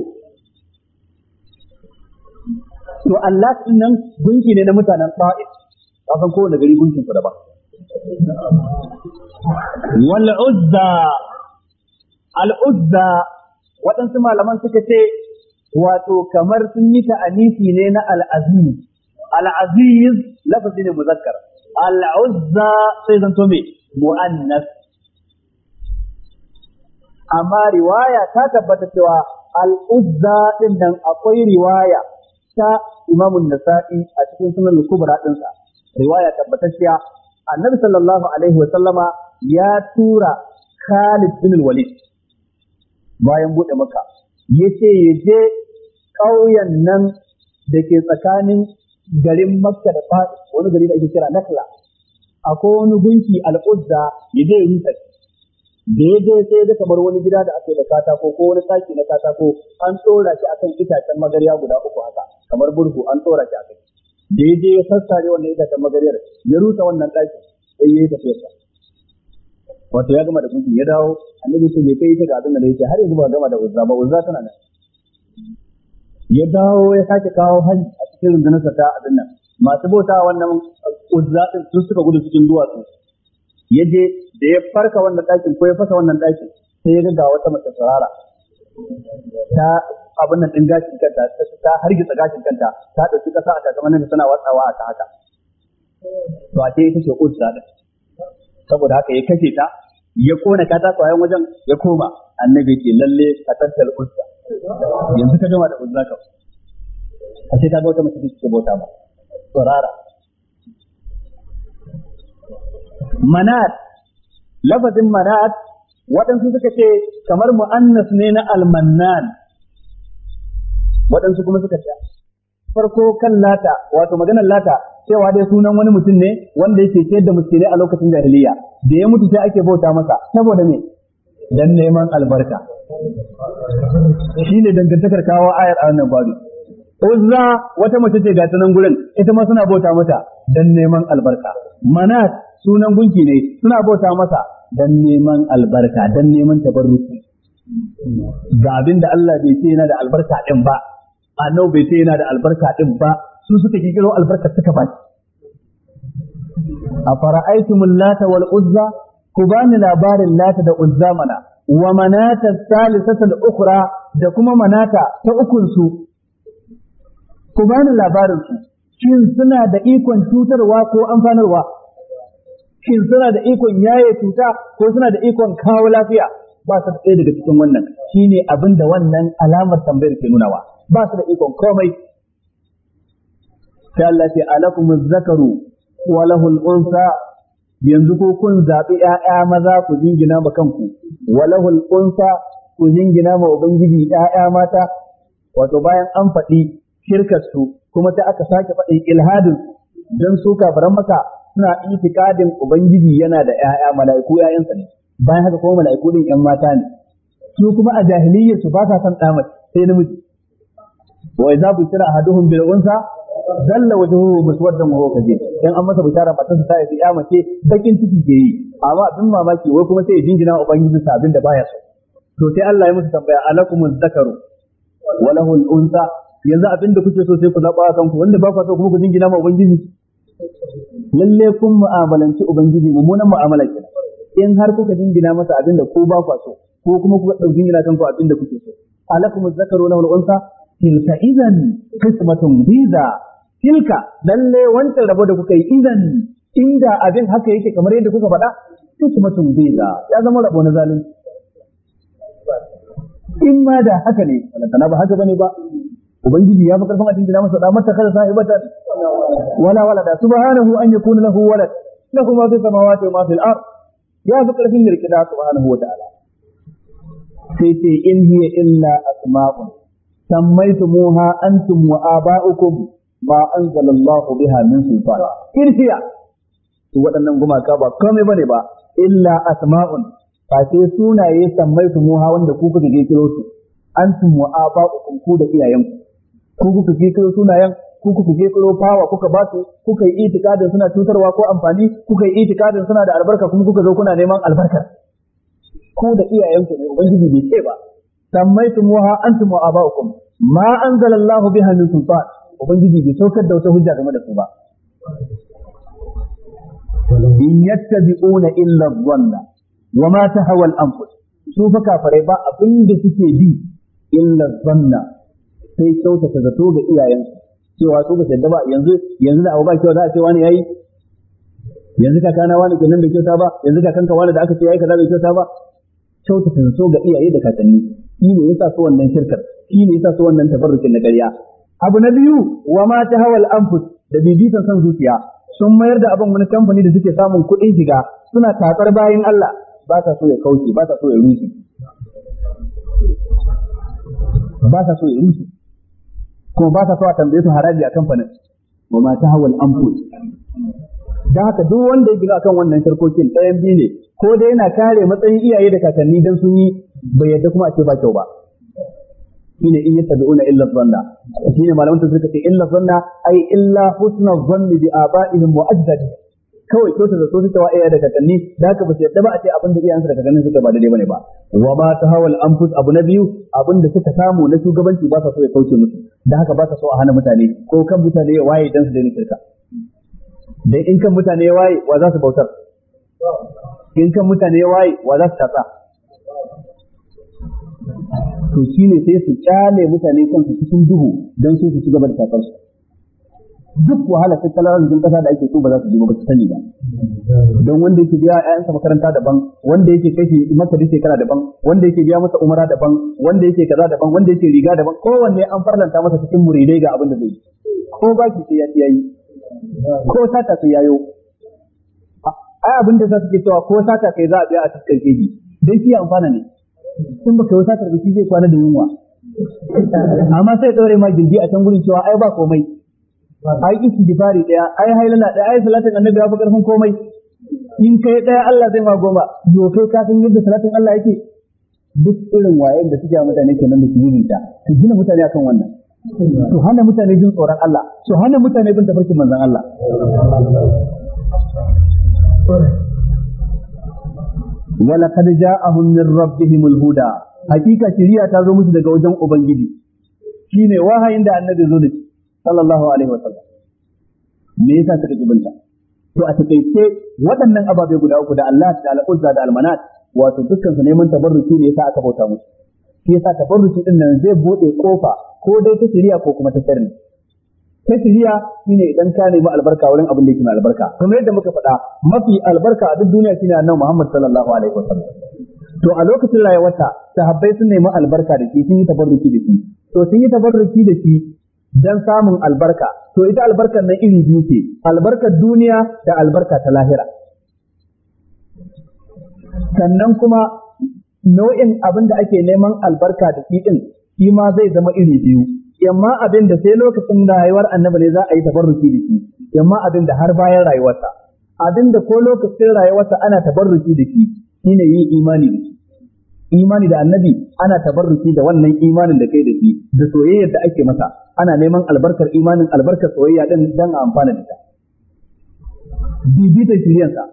to Allah nan gunki ne na mutanen Ta'if ka san kowane gari gunkin su daban wal uzza al uzza waɗansu malaman suka ce wato kamar sun yi ta'anisi ne na al aziz al aziz lafazi ne muzakkar al uzza sai zanto me muannas amma riwaya ta tabbata cewa al-uzza din nan akwai riwaya ta Imam nasai a cikin sunan kubra din sa riwaya tabbatacciya annabi sallallahu alaihi wa sallama ya tura Khalid bin Walid bayan bude maka yace ya je ƙauyen nan da ke tsakanin garin Makka da Fadi wani gari da ake kira Nakla akwai wani gunki al-Uzza ya je ya rusa shi daidai sai ga kamar wani gida da ake yi da katako ko wani saki na katako an tsora shi akan itacen magarya guda uku haka kamar burgu an tsora shi akai daidai ya sassare wannan itacen magaryar ya rusa wannan ɗakin sai ya yi tafiyarsa wato ya gama da gudu ya dawo annabi sai bai kai ta ga abin da yake har yanzu ba gama da uzza ba uzza tana nan ya dawo ya sake kawo hali a cikin rundunarsa ta abin nan masu bauta wannan uzza din sun suka gudu cikin duwatsu ya je da ya farka wannan ɗakin ko ya fasa wannan ɗakin sai ya ga wata mace tsirara ta abin nan ɗin gashin kanta ta hargitsa gashin kanta ta ɗauki ƙasa a kakamannin da tana watsawa a ta haka to a ce ita ce uzza da saboda haka ya kashe ta ya kona katakwayen wajen ya koma annabi ke lalle a tattar uzza yanzu ka gama da uzza ka a sai ta ga wata mace take bauta ba tsirara manat lafazin manat waɗansu suka ce kamar mu'annas ne na almannan waɗansu kuma suka ce farko kan lata wato maganar lata cewa dai sunan wani mutum ne wanda yake ciyar da miskinai a lokacin jahiliya da ya mutu sai ake bauta masa saboda me dan neman albarka shine dangantakar kawo ayar a wannan Oza Uzza wata mace ce ga ta nan gurin ita ma suna bauta mata dan neman albarka manat sunan gunki ne suna bauta masa dan neman albarka dan neman tabarruki ga abin Allah bai ce yana da albarka din ba annabi bai ce yana da albarka din ba su suka kikiro albarka suka ba a fara'aitumul lata wal uzza ku bani labarin lata da uzza mana wa manata salisatul ukhra ukra da kuma manata ta ukun su ku bani labarin su shin suna da ikon cutarwa ko amfanarwa shin suna da ikon yaye cuta ko suna da ikon kawo lafiya ba su da ɗaya daga cikin wannan shine abin da wannan alamar tambayar ke nunawa ba su da ikon komai sai Allah ce zakaru wa lahul unsa yanzu ko kun zaɓi ƴaƴa maza ku jingina ma kanku wa lahul unsa ku jingina ma ubangiji ƴaƴa mata wato bayan an faɗi shirkar kuma ta aka sake faɗin ilhadin don su kafaran maka suna itikadin ubangiji yana da ƴaƴa mala'iku ƴaƴansa ne bayan haka kuma mala'iku din ƴan mata ne su kuma a jahiliyyar su ba sa san ɗa mace sai namiji wa idza bushira ahaduhum bil unsa dalla wajhuhu muswaddan wa huwa kadhib in an masa bushara matarsa ta yi ƴa mace bakin ciki ke yi amma abin mamaki wai kuma sai ya jingina ubangiji sa abin da baya so to sai Allah ya musu tambaya alakumuz zakaru wa al unsa yanzu abin da kuke so sai ku zaba kanku wanda ba ku so kuma ku jingina ma ubangiji lalle kun mu'amalanci ubangiji mummunan mu'amala kenan in har kuka jingina masa abinda ko ba ku so ko kuma kuka dauki jingina kanku abinda kuke so alakum zakaru lahu al-unsa tilka idan qismatun biza tilka lalle wancan rabo da kuka yi idan inda abin haka yake kamar yadda kuka faɗa qismatun biza ya zama rabo na zalunci in ma da haka ne balantana ba haka bane ba ubangiji ya fi karfin a jingina masa da mata kada sahibatan wala wala da subhanahu an yakuna lahu walad lahu ma fi samawati wa ma fil ard ya fi karfin yarkida subhanahu wa ta'ala sai ce in hiya illa asma'un sammaytumuha antum wa aba'ukum ma anzalallahu biha min sultan in hiya to waɗannan gumaka ba komai bane ba illa asma'un ba sai sunaye sammaytumuha wanda ku kuka kirkiro su antum wa aba'ukum ku da iyayenku ko kuka kirkiro sunayen ko kuka kirkiro fawa kuka ba su kuka yi itikadin suna cutarwa ko amfani kuka yi itikadin suna da albarka kuma kuka zo kuna neman albarkar ko da iyayenku ne ubangiji bai ce ba wa antum wa aba'ukum ma anzalallahu biha min sultan ubangiji bai saukar da wata hujja game da su ba in yattabi'una illa dhanna wa ma tahawa al-anfus su fa kafare ba abin da suke bi illa dhanna sai kyautata zato ga iyayensu cewa su ba su yadda ba yanzu yanzu da abubakar ba kyau za a ce wani yayi yanzu ka kana wani kenan bai kyauta ba yanzu ka kanka wani da aka ce yayi kaza bai kyauta ba kyautata zato ga iyaye da kakanni shi ne yasa su wannan shirkar shi ne yasa su wannan tabarrukin na ƙarya abu na biyu wa ma ta hawal anfus da bibitan san zuciya sun mayar da abin wani kamfani da suke samun kuɗin shiga suna tatsar bayan Allah ba ta so ya kauce ba ta so ya rushe ba ta so ya rushe kuma ba sa so a tambaye su haraji a kamfanin wa ma tahawal anfus da haka duk wanda ya gina akan wannan sarkokin ɗayan biyu ne ko dai yana kare matsayin iyaye da kakanni dan sun yi bai yadda kuma a ce ba kyau ba shine in yattabi'una illa dhanna shine malaman suka ce illa dhanna ai illa husna dhanni bi aba'ihim wa ajdadihim kawai ko da so suka wa daga da da haka bace su yadda ba a ce abin da iyayensu da kakannin suka ba daidai bane ba wa ba ta hawal anfus abu na biyu abin da suka samu na shugabanci ba sa so ya kauce musu da haka ba sa so a hana mutane ko kan mutane ya waye dan su daina shirka dan in kan mutane ya waye wa za su bautar in kan mutane ya waye wa za su tatsa to shine sai su kyale mutane kansu cikin duhu dan su su ci gaba da tatsar su duk wahala tattalin arzikin kasa da ake so ba za su ji ba su sani ba don wanda yake biya ƴaƴansa makaranta daban wanda yake kashe masa da shekara daban wanda yake biya masa umara daban wanda yake kaza daban wanda yake riga daban kowanne an farlanta masa cikin muridai ga abin da zai yi ko baki sai ya yayi ko sata sai yayo ai abin da za su ke cewa ko sata kai za a biya a cikin keji dai shi amfana ne sun baka yi satar ba shi zai kwana da yunwa amma sai ɗaure ma gindi a can gurin cewa ai ba komai ai istighfari daya ai hailala daya ai salatin annabi ya fi karfin komai in kai daya Allah zai ma goma yo kai ka san yadda salatin Allah yake duk irin wayen da suke mutane kenan da kiri ta su gina mutane akan wannan su hana mutane jin tsoron Allah su hana mutane bin tafarkin manzon Allah Wala ولقد جاءهم من ربهم Hakika حقيقة ta zo musu daga wajen ubangiji shine wahayin da annabi zo da shi sallallahu alaihi wa sallam me yasa suka kibinta to a takaice waɗannan ababe guda uku da Allah da al-Uzza da al wato dukkan su neman tabarruki ne yasa aka bauta musu shi yasa tabarruki din nan zai bude kofa ko dai ta shiriya ko kuma ta sirri ta shiriya shine idan ka nemi albarka wurin abin da yake mai albarka Kuma yadda muka faɗa mafi albarka a duk duniya shine annabi Muhammad sallallahu alaihi wasallam to a lokacin rayuwarsa sahabbai sun nemi albarka da shi sun yi tabarruki da shi to sun yi tabarruki da shi Don samun albarka to ita albarkar na iri biyu ke albarkar duniya da albarka ta lahira sannan kuma nau'in abin da ake neman albarka da shi ɗin shi ma zai zama iri biyu yamma abin da sai lokacin rayuwar annabi ne za a yi tabarruki da shi yamma abin da har bayan rayuwarsa abin da ko lokacin rayuwarsa ana tabarruki da shi shine yin imani da shi imani da annabi ana tabarruki da wannan imanin da kai da shi da soyayyar da ake masa ana neman albarkar imanin albarkar soyayya din dan a amfana da ita bibitar shiryansa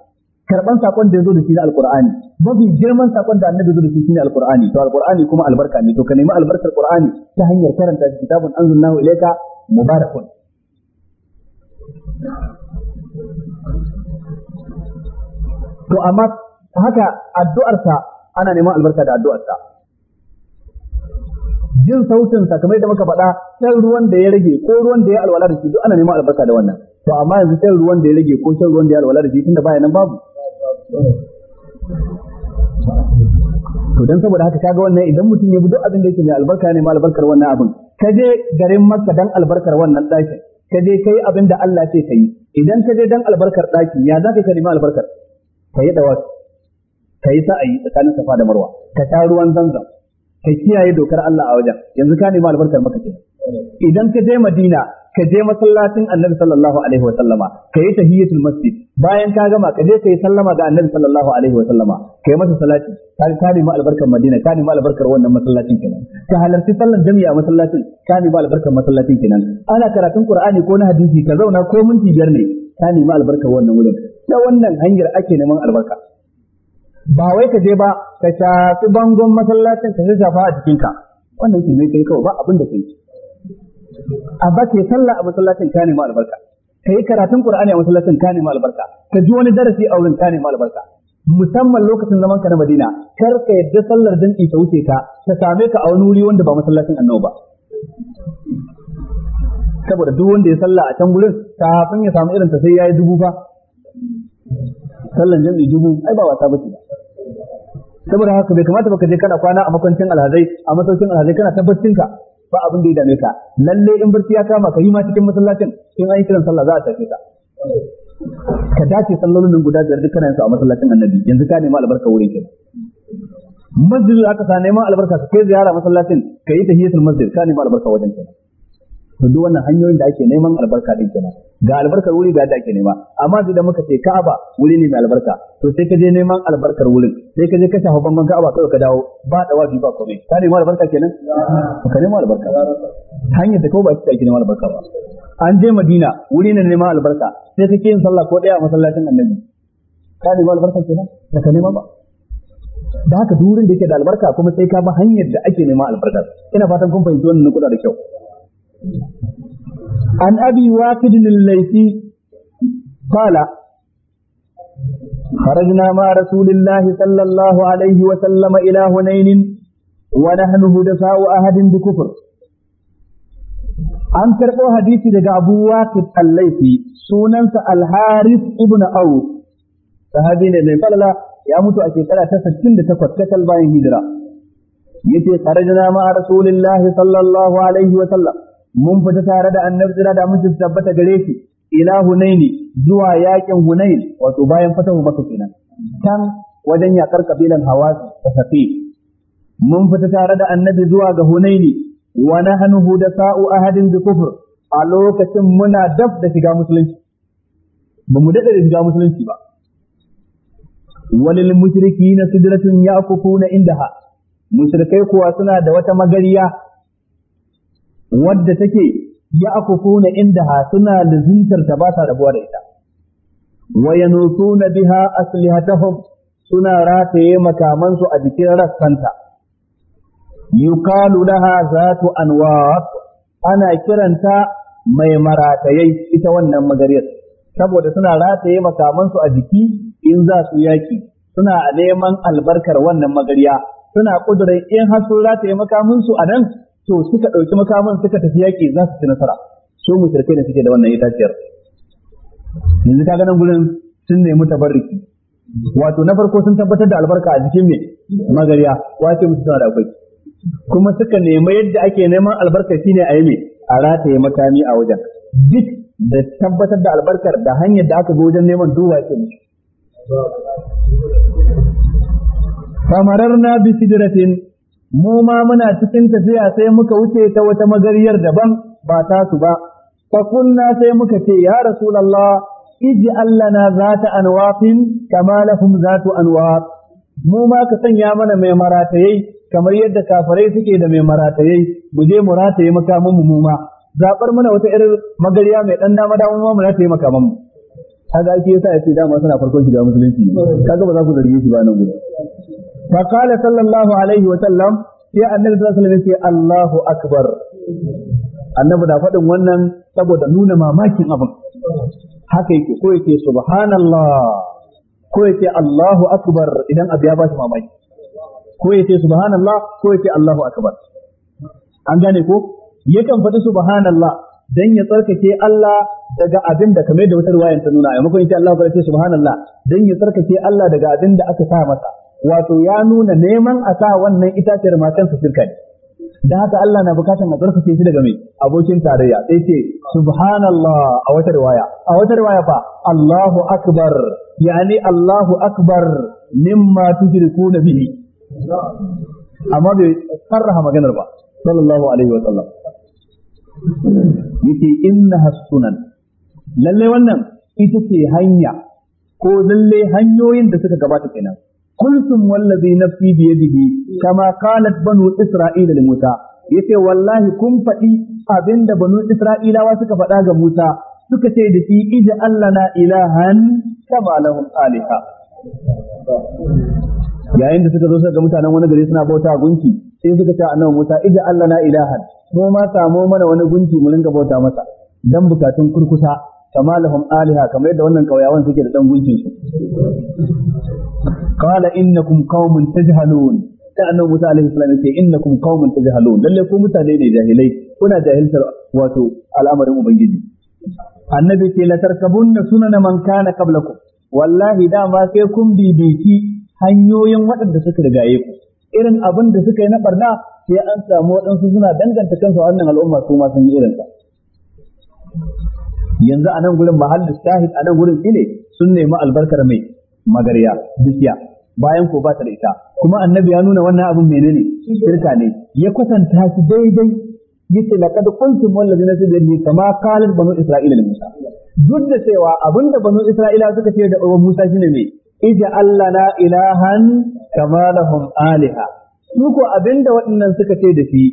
karban sakon da yazo da shi na alqur'ani mafi girman sakon da annabi yazo da shi shine alqur'ani to alqur'ani kuma albarka ne to ka nemi albarkar qur'ani ta hanyar karanta kitabun anzalnahu ilayka mubarakun to amma haka addu'arsa ana neman albarka da addu'arsa jin sautin sa kamar da muka faɗa shan ruwan da ya rage ko ruwan da ya alwala da shi duk ana neman albarka da wannan to amma yanzu shan ruwan da ya rage ko shan ruwan da ya alwala da shi tunda baya nan babu to dan saboda haka kaga wannan idan mutum ya bi duk abin da yake mai albarka ne ma albarkar wannan abin ka je garin Makka dan albarkar wannan ɗakin ka je kai abin da Allah ce ka yi idan ka je dan albarkar ɗaki ya za ka yi kalima albarkar ka yi dawat ka yi sa'ayi tsakanin safa da marwa ka sha ruwan zanzam ka kiyaye dokar Allah a wajen yanzu ka nemi albarkar maka ke. idan ka je Madina ka je masallacin Annabi sallallahu alaihi wa sallama ka yi tahiyatul masjid bayan ka gama ka je ka yi sallama ga Annabi sallallahu alaihi wa sallama ka yi masa salati ka ka nemi albarkar Madina ka nemi albarkar wannan masallacin kenan ka halarci sallan jami'a masallacin ka nemi albarkar masallacin kenan ana karatun Qur'ani ko na hadisi ka zauna ko minti biyar ne ka nemi albarkar wannan wurin ta wannan hanyar ake neman albarka ba wai ka je ba ka shafi bangon masallacin ka shafa a jikinka wannan yake ne kai kawai ba abin da kai a ba ke sallah a masallacin ka nemi albarka ka yi karatun qur'ani a masallacin ka nemi albarka ka ji wani darasi a wurin ka nemi albarka musamman lokacin zaman ka na Madina kar ka yadda sallar danki ta wuce ka ta same ka a wani wuri wanda ba masallacin annabi ba saboda duk wanda ya sallah a can gurin kafin ya samu irin ta sai yayi dubu fa sallan jami'i dubu ai ba wasa bace ba saboda haka bai kamata baka je kana kwana a makwancin alhazai a masaukin alhazai kana ta ka ba abin da ya dame ka lalle in barci ya kama ka yi ma cikin masallacin in an yi kiran sallah za a tafi ka ka dace sallolin guda biyar duk kana yin su a masallacin annabi yanzu ka nema albarka wurin kin masjid aka sa neman albarka ka kai ziyara masallacin ka yi tahiyatul masjid ka nema albarka wajen kenan. to duk wannan hanyoyin da ake neman albarka din kenan ga albarkar wuri ga da ake nema amma idan muka ce Ka'aba wuri ne mai albarka to sai ka je neman albarkar wurin sai ka je ka shafa banban Ka'aba kai ka dawo ba da wafi ba komai ka nemi albarka kenan ka nemi albarka hanyar da ko ba shi ake neman albarka ba an je Madina wuri ne neman albarka sai kake yin sallah ko daya a masallacin Annabi ka nemi albarka kenan ba ka nema ba da haka durin da yake da albarka kuma sai ka ba hanyar da ake nema albarka ina fatan kun fahimci wannan kuɗa da kyau عن أبي واقد الليثي قال خرجنا مع رسول الله صلى الله عليه وسلم إلى هنين ونحن هدفاء أحد بكفر an karɓo hadisi daga abu waqid laifi sunansa al-harith ibn auf sahabi ne mai falala ya mutu a shekara ta 68 ta bayan hijira yace kharajna ma rasulillahi sallallahu alaihi wa sallam mun fita tare da annabi tsira da mun tabbata gare shi ila hunaini zuwa yakin hunain wato bayan fatahu maka kenan can wajen yakar kabilan hawas ta safi mun fita tare da annabi zuwa ga hunaini wa nahnu sa'u ahadin bi kufr a lokacin muna daf da shiga musulunci ba mu dade da shiga musulunci ba walil mushrikina sidratun yaqufuna indaha mushrikai kuwa suna da wata magariya wadda take ya akufuna ha suna lazuntar ta ba sa rabuwa da ita wa yanusuna biha aslihatahum suna rataye makaman su a jikin rassanta Yukalu laha zatu anwar ana kiranta mai maratayai ita wannan magariyar saboda suna rataye makamansu a jiki in za su yaki suna neman albarkar wannan magariya suna kudurin in har sun rataye makamansu a nan to suka ɗauki makaman suka tafi yaƙi za su ci nasara so shirke da suke da wannan itaciyar yanzu ka ganin gurin sun nemi tabarriki wato na farko sun tabbatar da albarka a jikin me magariya wace musu da akwai kuma suka nemi yadda ake neman albarka shine a yi a rataye makami a wajen duk da tabbatar da albarkar da hanyar da aka bi wajen neman duwa ce musu famararna bi sidratin mu ma muna cikin tafiya sai muka wuce ta wata magariyar daban ba ta su ba fa kunna sai muka ce ya rasulullah iji allana zata anwafin kama lahum zatu anwaf mu ma ka sanya mana mai maratayai kamar yadda kafirai suke da mai maratayai mu je mu rataye makamin mu ma zabar mana wata irin magariya mai dan dama dama mu rataye makamin mu kaga ake yasa yace dama suna farkon shiga musulunci kaga ba za ku zargi shi ba nan gudu fa qala sallallahu alaihi wa sallam sai annabi sallallahu alaihi wasallam ya Allahu akbar annabi da faɗin wannan saboda nuna mamakin abin haka yake ko yake subhanallah ko yake Allahu akbar idan abu ya bashi mamaki ko yake subhanallah ko yake Allahu akbar an gane ko yakan faɗi subhanallah dan ya tsarkake Allah daga abin da kamar da wutar riwayar ta nuna a maimakon yace Allahu akbar sai subhanallah dan ya tsarkake Allah daga abin da aka sa masa wato ya nuna neman a sa wannan itaciyar matan su shirka ne da haka Allah na bukatan a tsarkake shi daga mai abokin tarayya sai ce subhanallah a wata riwaya a wata riwaya fa Allahu akbar yani Allahu akbar mimma na bihi amma bai sarraha maganar ba sallallahu alaihi wa sallam yace innaha sunan lalle wannan ita ce hanya ko lalle hanyoyin da suka gabata kenan kuntum wallazi nafsi biyadihi kama qalat banu isra'ila li Musa yace wallahi kun faɗi abinda banu isra'ilawa suka faɗa ga Musa suka ce da shi ija Allah ilahan kama lahum aliha yayin da suka zo suka ga mutanen wani gari suna bauta gunki sai suka ce annabi Musa ija Allah na ilahan mu ma samu mana wani gunki mu rinka bauta masa dan bukatun kurkusa kama lahum aliha kamar yadda wannan kauyawan suke da dan gunkin su qala innakum qaumun tajhalun sai annabi Musa alaihi salam ya ce innakum qaumun tajhalun lalle ku mutane ne jahilai kuna jahiltar wato al'amarin ubangiji annabi ce la tarkabunna suna na mankana qablakum wallahi dama sai kun bibiti hanyoyin waɗanda suka rigaye ku irin abin da suka yi na barna sai an samu waɗansu suna danganta kansu a wannan al'umma su ma sun yi irin sa yanzu a nan gurin mahallin shahid a nan gurin ile sun nemi albarkar mai magarya bishiya bayan ko ba ta da ita kuma annabi ya nuna wannan abin menene shirka ne ya kwatanta shi daidai yace laqad qultum wal ladina kama qala banu isra'ila li musa duk da cewa abinda banu isra'ila suka ce da uwan musa shine me ija allah la ilahan kama lahum aliha su ko abinda waɗannan suka ce da shi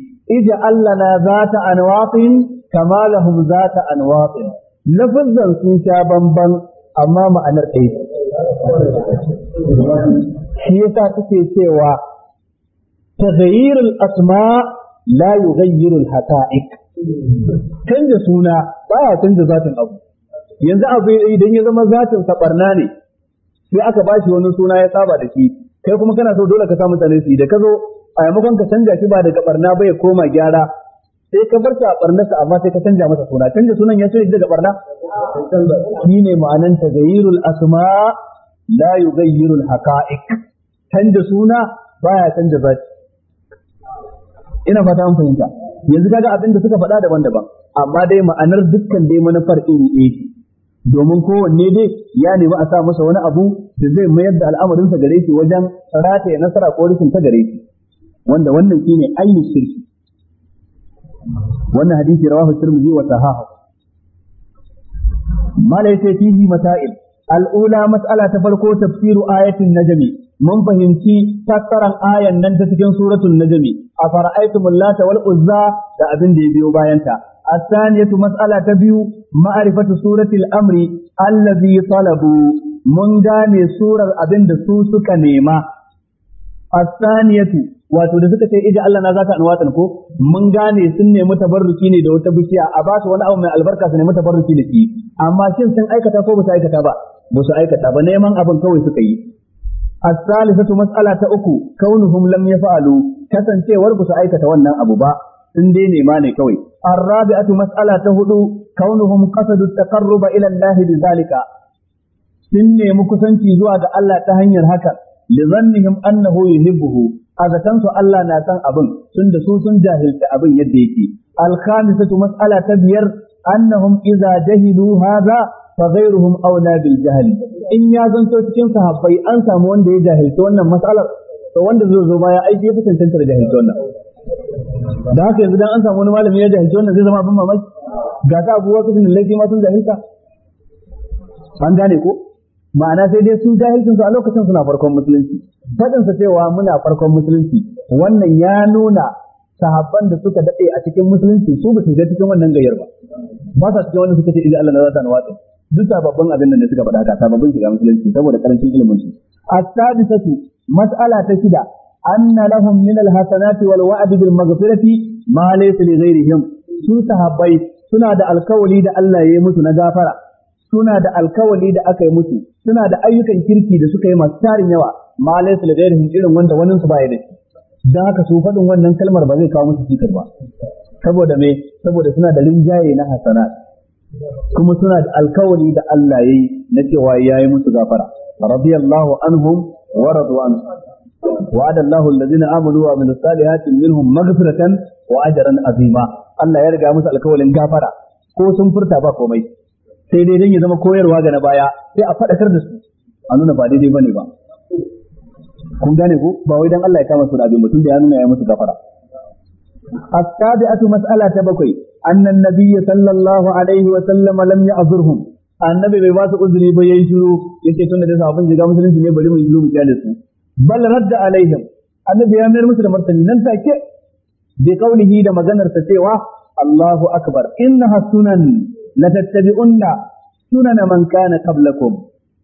ija allah na zata anwatin kama lahum zata anwatin lafazan sun sha bamban amma ma'anar ɗaya shi yasa take cewa taghayyirul asma la yughayyirul haqa'iq canza suna ba ya canza zatin abu yanzu abu idan ya zama zatin sa barna ne sai aka bashi wani suna ya saba da shi kai kuma kana so dole ka sa mutane su yi da ka zo a yamakon ka canja shi ba daga barna ba ya koma gyara sai ka bar a barnarsa amma sai ka canja masa suna sunan ya cire daga barna shi ne ma'anan tagayirul asma la yughayyiru al-haqa'iq canja suna baya canja zati ina fata an fahimta yanzu kaga abin da suka faɗa daban-daban amma dai ma'anar dukkan dai manufar iri ɗaya domin kowanne dai ya nemi a sa masa wani abu da zai mayar da al'amarinsa gare shi wajen rataye nasara ko rikin ta gare shi wanda wannan shine ainihin shirki wannan hadisi rawahu tirmidhi wa sahahu malai sai fihi masail al’ula matsala ta farko tafsiru ayatin najami mun fahimci tattaran ayan nan ta cikin suratul najami a fara'aitu mullata wal da abin da ya biyo bayanta as-saniyatu mas'ala ta biyu ma'rifatu suratul amri allazi talabu mun gane surar abin da su suka nema as-saniyatu wato da suka ce ija Allah na zaka anwatan ko mun gane sun nemi tabarruki ne da wata bishiya a ba su wani abu mai albarka su nemi tabarruki da shi amma shin sun aikata ko ba su aikata ba ba su aikata ba neman abin kawai suka yi as-salisatu mas'ala ta uku kaunuhum lam yaf'alu kasancewar ba su aikata wannan abu ba sun dai nema ne kawai ar-rabi'atu mas'ala ta hudu kaunuhum qasadu at-taqarruba ila Allah bizalika sun nemi kusanci zuwa ga Allah ta hanyar haka li zannihim annahu yuhibbuhu a zaton su Allah na san abin tun da su sun jahilta abin yadda yake al-khamisatu mas'ala ta biyar annahum iza, jahilu hadha fa ghayruhum awla bil jahl in ya zanto cikin sahabbai an samu wanda ya jahilta wannan mas'alar to wanda zai zo baya aiki ya fi cancanta da jahilta wannan da haka yanzu dan an samu wani malami ya jahilta wannan zai zama abin mamaki ga ta abubuwa kasin da laifi ma sun jahilta an gane ko ma'ana sai dai sun jahilcin su a lokacin suna farkon musulunci Faɗin sa cewa muna farkon musulunci wannan ya nuna sahabban da suka daɗe a cikin musulunci su ba su ga cikin wannan gayyar ba. Ba sa cikin wannan suka ce idan Allah na zata na watsa. Duk sababbin abin nan da suka faɗa ka sababbin shiga musulunci saboda karancin ilimin su. As-sadisatu mas'ala ta shida anna lahum min al-hasanati wal wa'd bil maghfirati ma laysa li ghayrihim. Su sahabbai suna da alkawali da Allah ya yi musu na gafara. Suna da alkawali da aka yi musu, suna da ayyukan kirki da suka yi masu tarin yawa, ma laysa li ghayrihim irin wanda wani su baya da shi dan haka su fadin wannan kalmar ba zai kawo musu cikar ba saboda me saboda suna da rinjaye na hasanat kuma suna da alkawari da Allah yayi na cewa yayi musu gafara radiyallahu anhum wa radu anhu وعد الله الذين امنوا وعملوا الصالحات منهم مغفرة واجرا عظيما Allah ya riga musu alkawalin gafara ko sun furta ba komai sai dai dan ya zama koyarwa ga na baya sai a fadakar da su a nuna ba daidai bane ba kun gane ku? ba wai dan Allah ya kama su da mutum da ya nuna ya musu gafara as-sabi'atu mas'ala ta bakwai annan nabiyyi sallallahu alaihi wa sallam lam ya'zurhum annabi bai ba su uzuri ba yayi shiru yace tunda da sahabban jiga musulunci ne bari mu yi mu kyale su bal radda alaihim annabi ya mayar musu da martani nan take bi qawlihi da maganar sa cewa Allahu akbar innaha sunan la tattabi'unna sunan man kana qablakum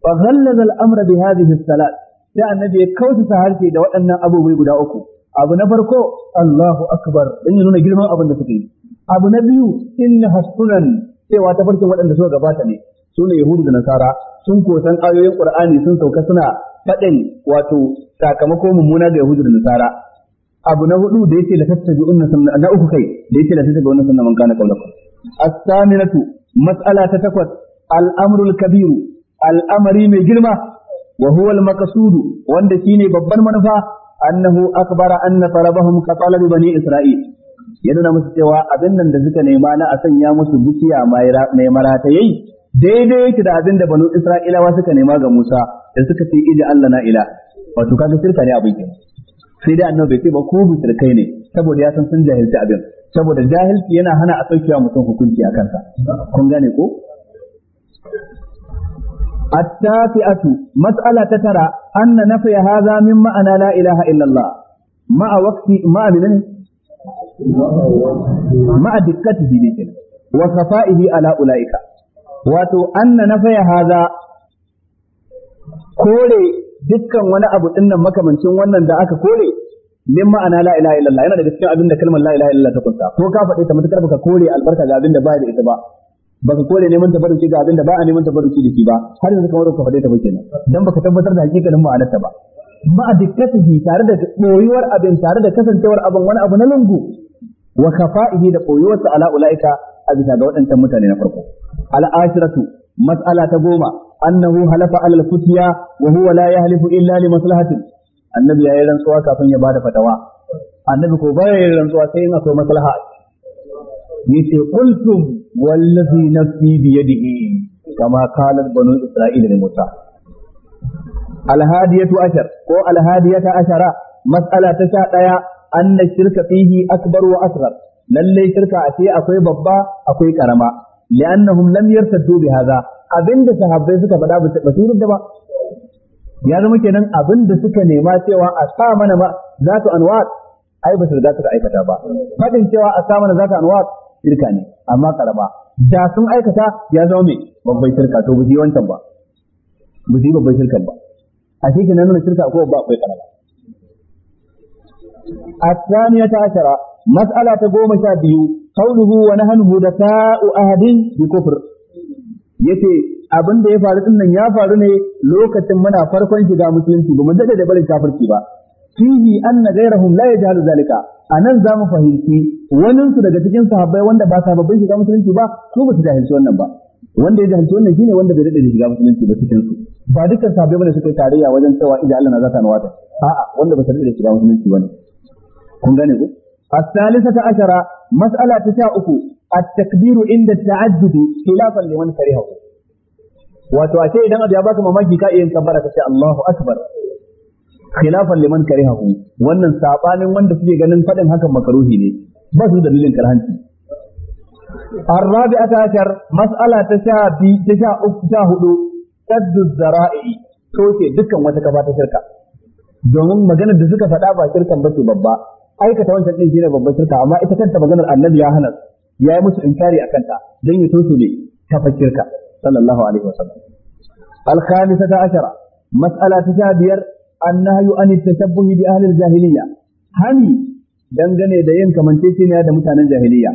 فغلظ الامر بهذه الصلاه sai annabi ya kautata harshe da waɗannan abubuwa guda uku abu na farko Allahu akbar dan ya nuna girman abin da suka yi abu na biyu inna hasunan cewa ta farkin waɗanda suka gabata ne su ne yahudu da nasara sun kosan ayoyin qur'ani sun sauka suna faɗin wato sakamako mummuna ga yahudu da nasara abu na hudu da yake la tattabi'unna sunna na uku kai da yake la tattabi'unna sunna man kana qablakum as-saminatu mas'ala ta takwas al-amru al-kabiru al'amari mai girma wa huwa al-maqsud wanda shine babban manufa annahu akbara anna talabahum ka talab bani isra'il ya nuna musu cewa abin nan da suka nema na a sanya musu bukiya mai marata yayi daidai yake da abin da banu isra'ilawa suka nema ga musa da suka ce ija allah na ila wato kaga shirka ne abin kenan sai dai annabi bai ce ba ko kai ne saboda ya san sun jahilci abin saboda jahilci yana hana a saukewa mutum hukunci a kansa kun gane ko التاسعة مسألة ترى أن نفي هذا من معنى لا إله إلا الله مع وقت مع من مع دقته لكن وصفائه على أولئك wato anna nafaya haza kore dukkan wani abu din makamancin wannan da aka kore min ma'ana la ilaha illallah yana daga cikin abin da la ilaha illallah ta kunta ko ka faɗe ta matakar baka kore albarka ga da ba da ba ka kore neman tabarruki ga abin da ba a neman tabarruki da shi ba har yanzu kamar ka faɗe ta ba kenan dan baka tabbatar da hakikanin ma'anar ta ba ma dikkatihi tare da boyuwar abin tare da kasancewar abin wani abu na lungu wa kafa'ihi da boyuwar sa ala ulaika a bisa ga waɗancan mutane na farko al ashiratu mas'ala ta goma annahu halafa alal futiya wa huwa la yahlifu illa li maslahatin annabi yi rantsuwa kafin ya bada fatawa annabi ko ya yin rantsuwa sai in akwai maslaha yace qultum wallazi nafsi biyadihi kama qalat banu isra'ila li Musa alhadiyatu ashar ko alhadiyata ashara mas'ala ta sha daya anna shirka fihi akbar wa asghar shirka a akwai babba akwai karama li'annahum lam yartaddu bi hadha abinda sahabbai suka faɗa ba su yarda ba ya zama kenan abinda suka nema cewa a sa mana ma zatu anwat ba su riga aikata ba fadin cewa a sa mana shirka ne amma karama da sun aikata ya zama mai babban shirka to buji wancan ba buji babban shirkan ba a shi kenan nuna shirka ko ba akwai karama الثانية عشرة مسألة قوم شابيو قوله ونهنه دفاع أهد بكفر yace abin da ya faru din nan ya faru ne lokacin muna farkon shiga musulunci ba mu dade da barin kafirci ba fihi anna ghayrahum la yajhalu zalika a nan za mu fahimci waninsu daga cikin sahabbai wanda ba sababbin shiga musulunci ba su ba su jahilci wannan ba wanda ya jahilci wannan shine wanda bai daɗe da shiga musulunci ba cikin su ba dukkan sahabbai bane suka tarayya wajen cewa idan Allah na zata nawata a'a wanda ba su daɗe da shiga musulunci bane kun gane ku. ko الثالثة عشرة مسألة تساؤك التكبير عند التعدد خلافا لمن كرهه wato a ce idan abu ya baka mamaki ka iya yin kabbara ka ce Allahu akbar khilafan liman karihahu wannan sabanin wanda suke ganin fadin hakan makaruhi ne ba su dalilin karhanci الرابعة عشر مسألة ta بي تشاء تشاء هدو سد dukkan wata دكا ta shirka domin maganar da suka faɗa ba shirkan bace babba aikata wancan din shine babban shirka amma ita kanta maganar annabi ya hana ya yi musu inkari a Kanta don ya tosu ne kafa shirka sallallahu alaihi wasallam al khamisata ashara mas'ala ta biyar annahyu an tashabbuhi bi ahli jahiliya hani dangane da yin kamanceceniya da mutanen jahiliya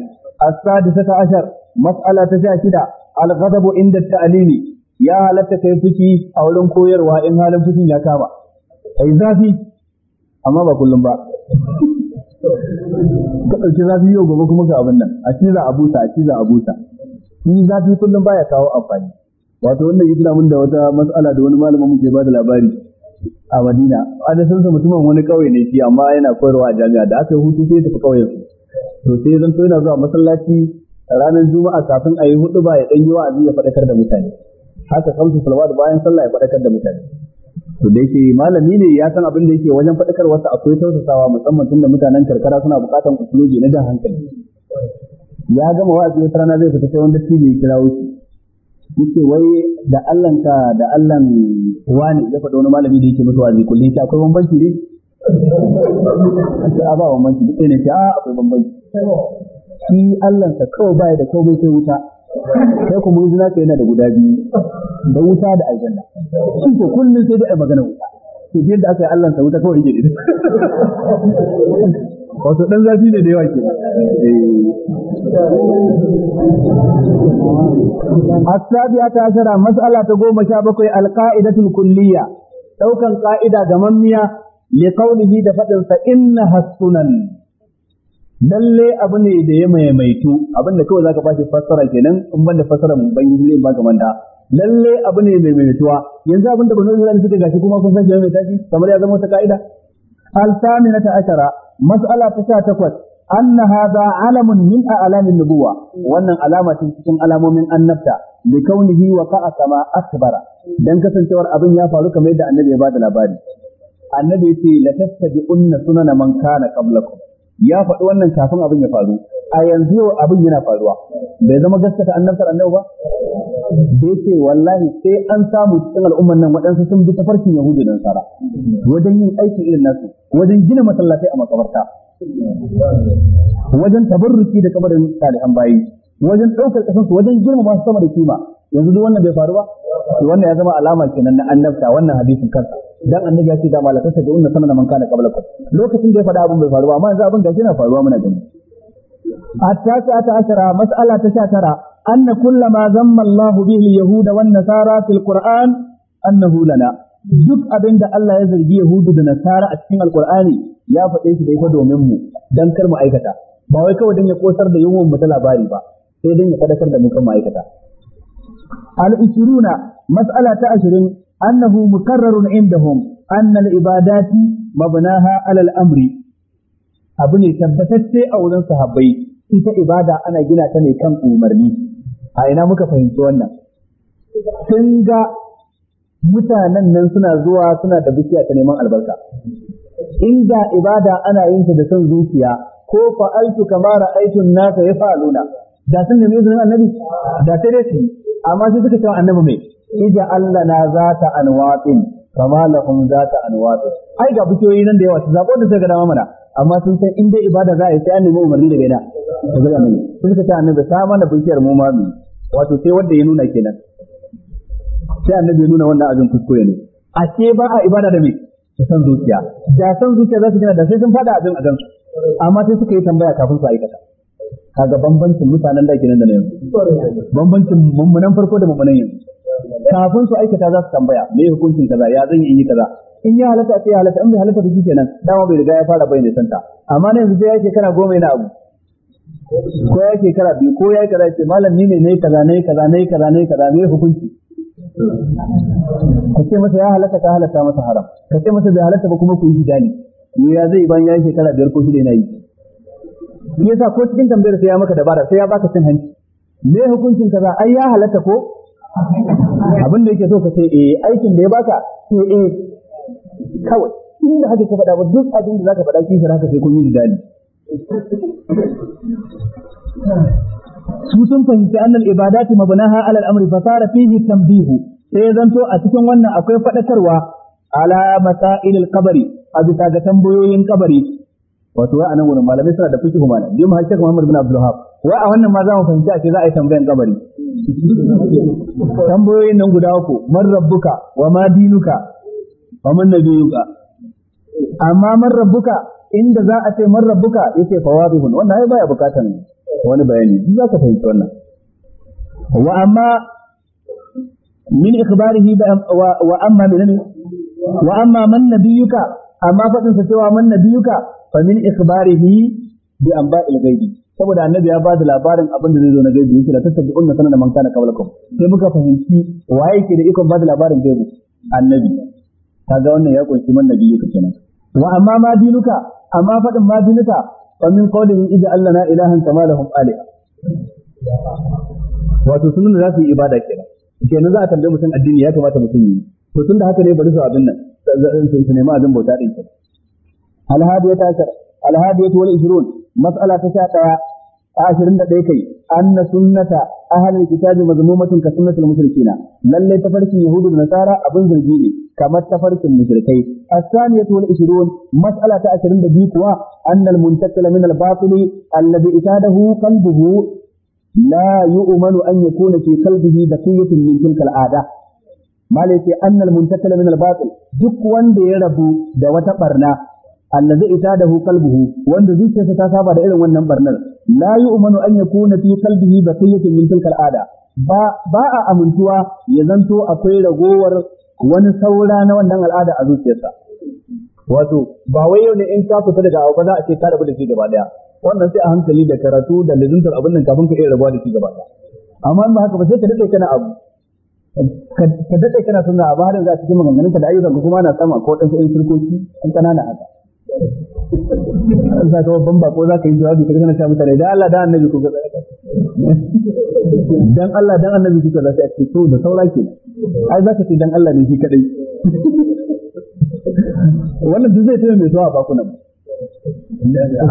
as-sadisata ashar mas'ala ta shida al-ghadabu inda ta'limi ya halatta kai fushi a wurin koyarwa in halin fushin ya kama kai zafi amma ba kullum ba ka ɗauki zafi yau gobe kuma ka abin nan a ciza a busa a ciza a busa ni zafi kullum baya kawo amfani wato wannan yi tunamin da wata mas'ala da wani malamin mu ke bada labari a Madina adasansa mutumin wani kauye ne shi amma yana koyarwa a jami'a da aka yi hutu sai ya tafi kauyen su to sai zan yana zuwa masallaci ranar juma'a kafin a yi hudu ba ya ɗanyi wa'azi ya faɗakar da mutane haka kamsu da bayan sallah ya faɗakar da mutane to da yake malami ne ya san abin da yake wajen faɗakar wasu akwai tausasawa musamman tunda mutanen karkara suna buƙatar usuloji na jan hankali ya gama wa'azi wata rana zai fita sai wanda shi ya kirawo shi yake wai da Allahnka da Allahn wani ya faɗi wani malami da yake musu wazi kullum ta akwai bambanci ne a ba bambanci duk ne ta akwai bambanci shi allansa kawai baya da komai sai wuta sai kuma yanzu naka yana da guda biyu da wuta da aljanna shi ko kullum sai dai a magana wuta sai da aka yi allansa wuta kawai yake ne wato dan zafi ne da yawa ke as ta shara mas'ala ta goma sha bakwai al kulliya kulliyya daukan qa'ida ga mammiya li qawlihi da fadin sa inna hasunan lalle abu ne da ya maimaitu abin da kawai zaka bashi fassara kenan in ban da fassara mun ban yi ba kaman da lalle abu ne mai maimaituwa yanzu abin da banu Isra'ila suka gashi kuma kun san shi mai tashi kamar ya zama wata ka'ida الثامنة عشرة مسألة تشاتكوت أن هذا علم من أعلام النبوة وأن علامة تكون علام من النبتة لكونه وقع كما أخبر dan kasancewar abin ya faru kamar yadda annabi ya bada labari annabi ya ce la tattabi'unna sunana man kana qablakum ya faɗi wannan kafin abin ya faru a yanzu yau abin yana faruwa bai zama gaskata annabtar annabi ba da yace wallahi sai an samu cikin al'umman nan waɗansu sun bi tafarkin yahudu da nasara wajen yin aiki irin nasu wajen gina masallatai a makabarta wajen tabarruki da kabarin salihan bayi wajen ɗaukar ƙasar su wajen girmama su sama da kima yanzu duk wannan bai faru ba wannan ya zama alama kenan na annabta wannan hadisin kansa dan annabi ya ce da malaka ta da'unna sama da man kana qabla lokacin da ya faɗa abin bai faru ba amma yanzu abin gashi na faruwa muna gani hatta ta ashara mas'ala ta 19 anna kullama zamma Allahu bihi al-yahuda wan nasara fil qur'an annahu lana duk abin da Allah ya zargi Yahudu da Nasara a cikin Alkur'ani ya faɗe shi da ita domin mu dan kar mu aikata ba wai kawai dan ya kosar da yunwan mu ta labari ba sai dan ya fadakar da mu kan ma'aikata al-ishruna mas'ala ta 20 أنه مكرر عندهم annan العبادات مبناها على الأمر abu ne tabbatacce a wurin sahabbai ita ibada ana gina ta ne kan umarni a ina muka fahimci wannan sun mutanen nan suna zuwa suna da bishiya ta neman albarka inda ibada ana yin ta da son zuciya ko fa'altu kama ra'aytun nasa yafa'aluna da sun nemi izinin annabi da sai dai su amma sai suka ce annabi mai ija za ta anwatin kama lahum zata anwatin ai ga bukiyoyi nan da yawa su zaɓo da suka ga dama mana amma sun san in dai ibada za a yi sai an nemi umarni daga ina daga annabi sun ka ta annabi ta mana bukiyar mu ma mu wato sai wanda ya nuna kenan sai annabi ya nuna wannan abin kuskure ne a ce ba a ibada da me da san zuciya da san zuciya za su gina da sai sun fada abin a gansu amma sai suka yi tambaya kafin su aikata kaga bambancin mutanen da kenan da na yanzu bambancin mummunan farko da mummunan yanzu kafin su aikata za su tambaya me hukuncin kaza ya zan yi kaza in ya halatta sai halatta in bai halatta ba nan. dama bai riga ya fara bayyana santa amma ne yanzu sai ya shekara goma yana abu ko ya shekara biyu ko ya kaza ce malam ni ne ne kaza ne kaza ne kaza ne kaza me hukunci ka ce masa ya halatta ka halatta masa haram ka ce masa bai halatta ba kuma ku yi gidani mu ya zai ban ya shekara biyar ko shida yana yi me yasa ko cikin tambayar sai ya maka dabara sai ya baka cin hanci me hukuncin kaza ai ya halatta ko abin da yake so ka ce eh aikin da ya baka to eh kawai in da haka ka faɗa ba duk abin da zaka faɗa sai haka sai kun yi jidali su sun fahimci annal ibadatu mabnaha ala al-amri fa tara fihi tanbih sai zanto a cikin wannan akwai faɗakarwa ala masail al-qabri a bisa ga tambayoyin kabari wato wai a nan malamai suna da kuma ne. bi mu hakka Muhammad bin Abdul Wahab wai a wannan ma za mu fahimci a ce za a yi tambayan kabari tambayoyin nan guda uku man rabbuka wa ma dinuka wa man nabiyuka amma man rabbuka inda za a ce man rabbuka yace fawadihun wannan ai baya bukatan wani bayani duk za ka fahimci wannan wa amma min ikhbarihi wa amma min wa amma man nabiyuka amma fadin sa cewa man nabiyuka fa min ikhbarihi bi anba'il ghaibi saboda annabi ya bada labarin abin da zai zo na gaibi yake da tattabi'un na sanan man kana qablakum sai muka fahimci waye ke da ikon bada labarin gaibi annabi kaga wannan ya kunshi man nabi yake kenan wa amma ma dinuka amma fadin ma dinuka fa min qawlin idza allana ilahan kama lahum aliha wato sun da za su yi ibada kenan kenan za a tambaye mutum addini ya kamata mutum yi to tun da haka ne bari su abin nan su nemi abin bauta din kenan alhadiyat ashar alhadiyat wal ishrun mas'ala ta sha daya ashirin da ɗaya kai anna sunnata ahlul kitabi mazmumatun ka sunnatul mushrikina lalle tafarkin yahudu da nasara abin zargi ne kamar tafarkin mushrikai asaniyat wal ishrun mas'ala ta ashirin da biyu kuwa annal muntakila min al batili alladhi itadahu qalbuhu la yu'manu an yakuna fi qalbihi baqiyatun min tilka al ada malaysa annal muntakila min al batil duk wanda ya rabu da wata ɓarna. allazi itadahu qalbuhu wanda zuciyarsa ta saba da irin wannan barnar la yu'manu an yakuna fi qalbihi baqiyatun min tilka al'ada ba ba a amintuwa ya zanto akwai ragowar wani saura na wannan al'ada a zuciyarsa wato ba wai yau ne in ka fita daga abu ba za a ce ka rabu da shi gaba daya wannan sai a hankali da karatu da lizintar abin nan kafin ka iya rabuwa da shi gaba daya amma in ba haka ba sai ka dade kana abu ka dade kana sunna ba har yanzu a cikin maganganunka da ayyukanka kuma na sama ko dan sai in shirkoki in kanana haka an sa kawai ban bako za ka yi jawabi ka kana ta mutane dan Allah dan annabi ku gaza dan Allah dan annabi ku gaza sai a ce to da saura ke ai za ka ce dan Allah ne shi kadai wannan duk zai tuna mai zuwa bakunan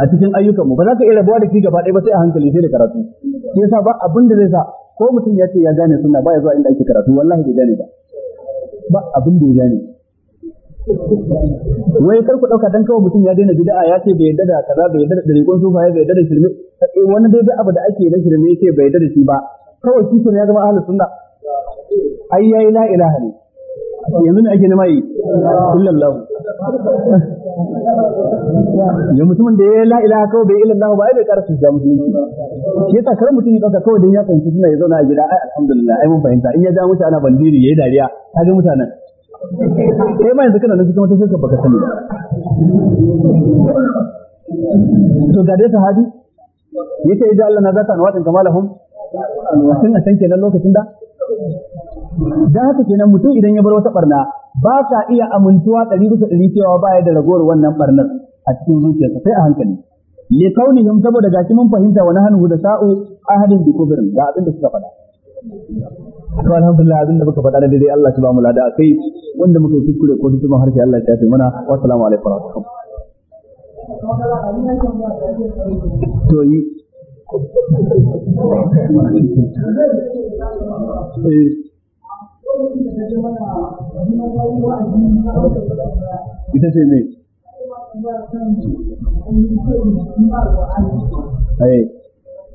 a cikin ayyukan mu ba za ka iya rabuwa da shi gaba ɗaya ba sai a hankali sai da karatu shi yasa ba abin da zai sa ko mutum ya ce ya gane sunna ba ya zuwa inda ake karatu wallahi bai gane ba ba abin da ya gane wai kar ku dauka dan kawai mutum ya daina bid'a ya ce bai yadda da kaza bai yadda da dariƙun sufaye bai yadda da shirme eh, wani dai duk abu da ake na shirme yace bai yadda da shi ba kawai shi ya zama ahlus sunna ai yayi la ilaha ne yanzu ne ake nema yi illallahu ya mutumin da ya la ilaha kawai bai illallahu ba ai bai karasa shiga musulunci shi ta kar mutum ya dauka kawai dan ya fahimci suna ya zauna a gida ai alhamdulillah ai mun fahimta in ya ja mutane bandiri yayi dariya ga mutanen kai ma yanzu kana nan cikin wata shirka baka sani ba to ga dai sahabi yace idan Allah na zaka na wadin kamalahum tun a can kenan lokacin da dan haka kenan mutum idan ya bar wata barna ba sa iya amintuwa ɗari bisa ɗari cewa ba ya da ragowar wannan barnar a cikin zuciyarsa sai a hankali li kaunihim saboda gashi mun fahimta wani hannu da sa'u ahadin bi kubrin ga abin da suka faɗa to alhamdulillah abin da muka faɗa na daidai Allah ya ba mu lada kai wanda muka yi kuskure ko dukkan harshe Allah ya tafi mana wa assalamu alaikum wa to yi eh. ita ce mai ai eh.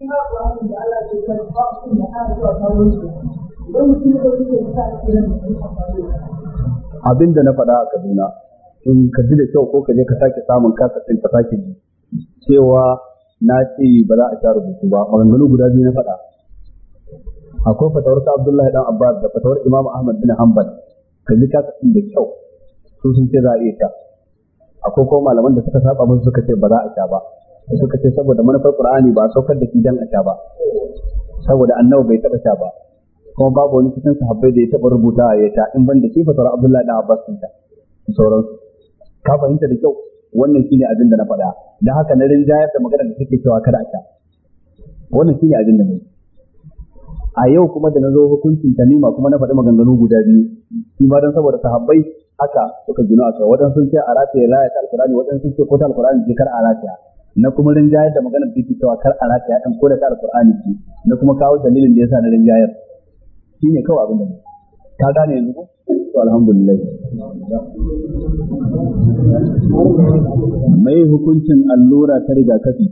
da zuwa shi. mutum ya da ta Abin da na faɗa a Kaduna, in ka ji da kyau ko ka je ka sake samun kasafin ka sake ji, cewa na ce ba za a sha rubutu ba, maganganu guda biyu na faɗa. Akwai fatawar ta Abdullahi dan Abbas da fatawar Imam Ahmad bin Hanbal, ka ji kasafin da kyau, sun sun ce za a iya sha. Akwai kuma malaman da suka saba musu suka ce ba za a sha ba. suka ce saboda manufar Qur'ani ba saukar da shi dan a sha ba saboda annabi bai taba sha ba kuma babu wani cikin sahabbai da ya taba rubuta ya ta in ban da shi fa sauran Abdullahi da Abbas da sauran ka fahimta da kyau wannan shine abin da na faɗa dan haka na rinjayar da magana da take cewa kada a sha wannan shine abin da nayi a yau kuma da na zo hukuncin tamima kuma na faɗi maganganu guda biyu shi ma don saboda sahabbai haka suka gino a kai waɗansu sun ce a rataye layat Alƙur'ani, waɗansu sun ce ko ta alkurani ce kar a rataya na kuma rinjayar da maganar da cewa kar a rataya dan ko da ta alƙur'ani ce na kuma kawo dalilin da ya sa na rinjayar Shi ne kawai abin da ka gane yanzu ko to alhamdulillah mai hukuncin allura ta rigakafi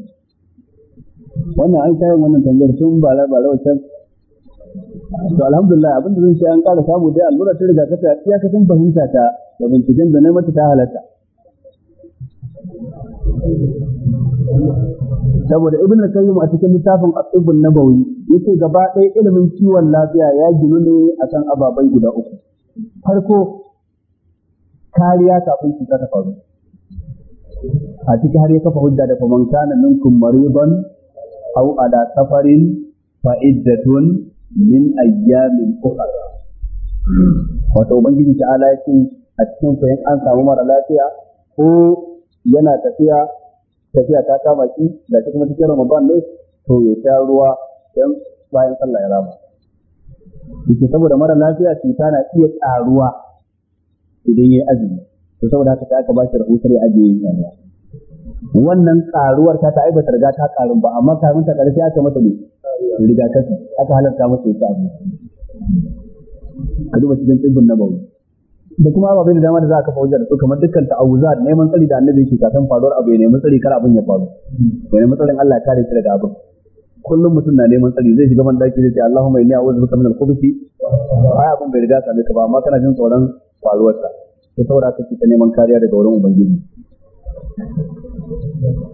wannan an kayan wannan tambayar tun ba la ba la to alhamdulillah abin da zan ce an ƙara samu dai allura ta rigakafi a iyakacin fahimta ta da binciken da na mata ta halatta saboda ibn al-qayyim a cikin littafin at na an-nabawi yace gaba ɗaya ilimin ciwon lafiya ya ginu ne akan ababai guda uku farko kariya kafin cuta ta faru a cikin har ya kafa hujja da kuma kana minkum maridan aw ala safarin fa iddatun min ayyamin ukhra wato ubangiji ta'ala yace a cikin ku an samu mara lafiya ko yana tafiya tafiya ta kama shi da kuma cikin Ramadan ne to ya sha ruwa dan bayan sallah ya rama yake saboda mara lafiya cuta na iya ƙaruwa idan yayi azumi to saboda haka aka ba shi rahotar ya ajiye yin ruwa wannan karuwar ta ta aibata riga ta ƙaru ba amma kafin ta ƙarfi aka mata ne ta aka halarta masa ya ci abinci ka duba cikin tsibin na da kuma ababen da dama da za ka fa wajen da su kamar dukkan ta'awuzat neman tsari da annabi yake kafin faruwar abu ya nemi tsari kar abin ya faru ya nemi tsarin Allah ya kare shi daga abin kullum mutum na neman tsari zai shiga mandaki zai ce Allahumma inni a'udhu bika min al-khubuthi ai abin bai riga same ka ba amma kana jin tsoron faruwar sa to saboda kake ta neman kariya daga wurin ubangiji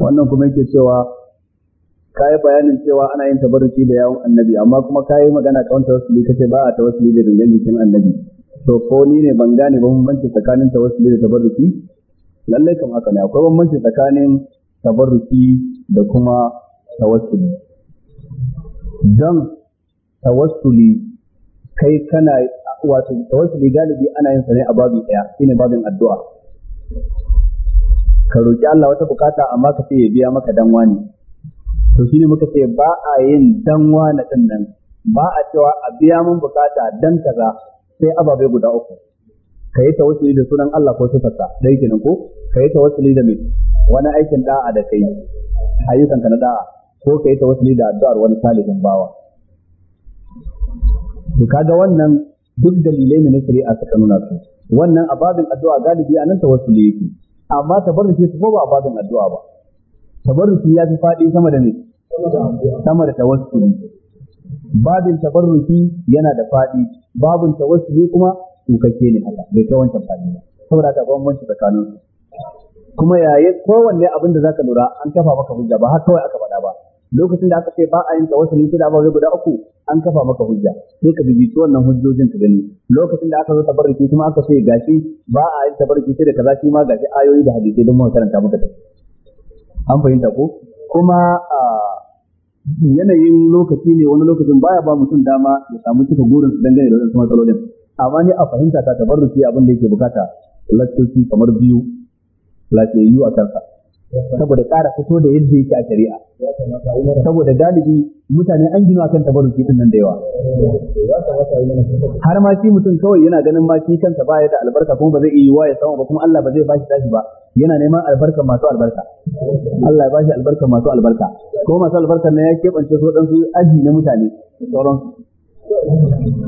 wannan kuma yake cewa yi bayanin cewa ana yin tabarruki da yawon annabi amma kuma kayi magana kan tawassuli kace ba a tawassuli da dangane jikin annabi to ko ni ne ban gane bambanci tsakanin tawassuli da tabarruki lallai kamar haka ne akwai bambanci tsakanin tabarruki da kuma tawassuli dan tawassuli kai kana wato tawassuli galibi ana yin sa ne a babu daya shine babin addu'a ka roki Allah wata bukata amma ka ce ya biya maka danwa ne to shine muka ce ba a yin danwa na din nan ba a cewa a biya mun bukata dan kaza sai ababai guda uku ka yi tawassuli da sunan Allah ko sifarsa dai kenan ko ka yi tawassuli da mai wani aikin da'a da kai ayyukan ka na da'a ko ka yi tawassuli da addu'ar wani salihin bawa to kaga wannan duk dalilai ne na shari'a suka nuna su wannan ababin addu'a galibi anan tawassuli yake amma tabarruki su ko ba ababin addu'a ba tabarruki ya fi faɗi sama da ne sama da tawassuli babin tabarruki yana da faɗi babin tawassuli kuma tukakke ne haka bai kai wancan fadi ba saboda haka bambanci tsakanin su kuma yaye kowanne abin da zaka lura an kafa maka hujja ba har kawai aka faɗa ba lokacin da aka ce ba a yin tawassuli sai da ba guda uku an kafa maka hujja sai ka bibici wannan hujjojin ka gani lokacin da aka zo tabarruki kuma aka ce gashi ba a yin tabarruki sai da kaza shi ma gashi ayoyi da hadisi don mu karanta maka da an fahimta ko kuma ah, yanayin lokaci ne wani lokacin baya ba mutum dama ya samu cika gurin su dangane da wasu matsalolin amma ni a fahimta ta tabarruki abin da yake bukata lattoci kamar biyu lafiyayyu a kansa saboda ƙara fito da yadda yake a shari'a saboda galibi mutane an gina kanta tabaruki din nan da yawa har ma shi mutum kawai yana ganin ma shi kansa ya da albarka kuma ba zai iya wa ya samu ba kuma Allah ba zai bashi tashi ba yana neman albarka masu albarka Allah ya bashi albarka masu albarka ko masu albarka na ya keɓance su waɗansu aji na mutane sauran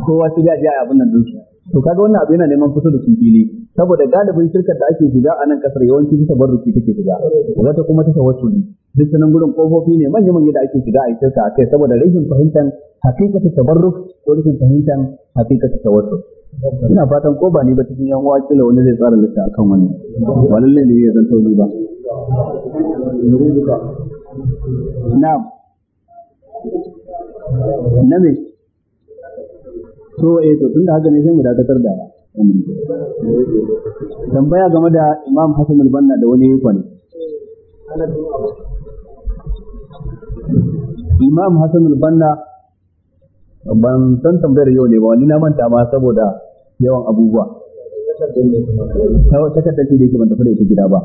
kowa su ga ji abin nan dinsu to kaga wannan abu yana neman fito da shi fili saboda galibin shirkar da ake shiga a nan kasar yawanci ta tabarruki take shiga wata kuma ta tawassuli duk sanan gurin kofofi ne manyan manya da ake shiga a shirka a kai saboda rashin fahimtar hakikatu tabarruk ko rashin fahimtar hakikatu tawassul ina fatan ko ba ni ba cikin yan uwa kila wani zai tsara lissa akan wani. ba lalle ne ya zanto ni ba na'am na me so eh to tunda haka ne sai mu dakatar da tambaya game da imam hassan al-banna da wani kwane imam hassan al-banna ban san tambayar yau ne ba wani na manta ma saboda yawan abubuwa ta takardar ce da yake ban tafi da ita gida ba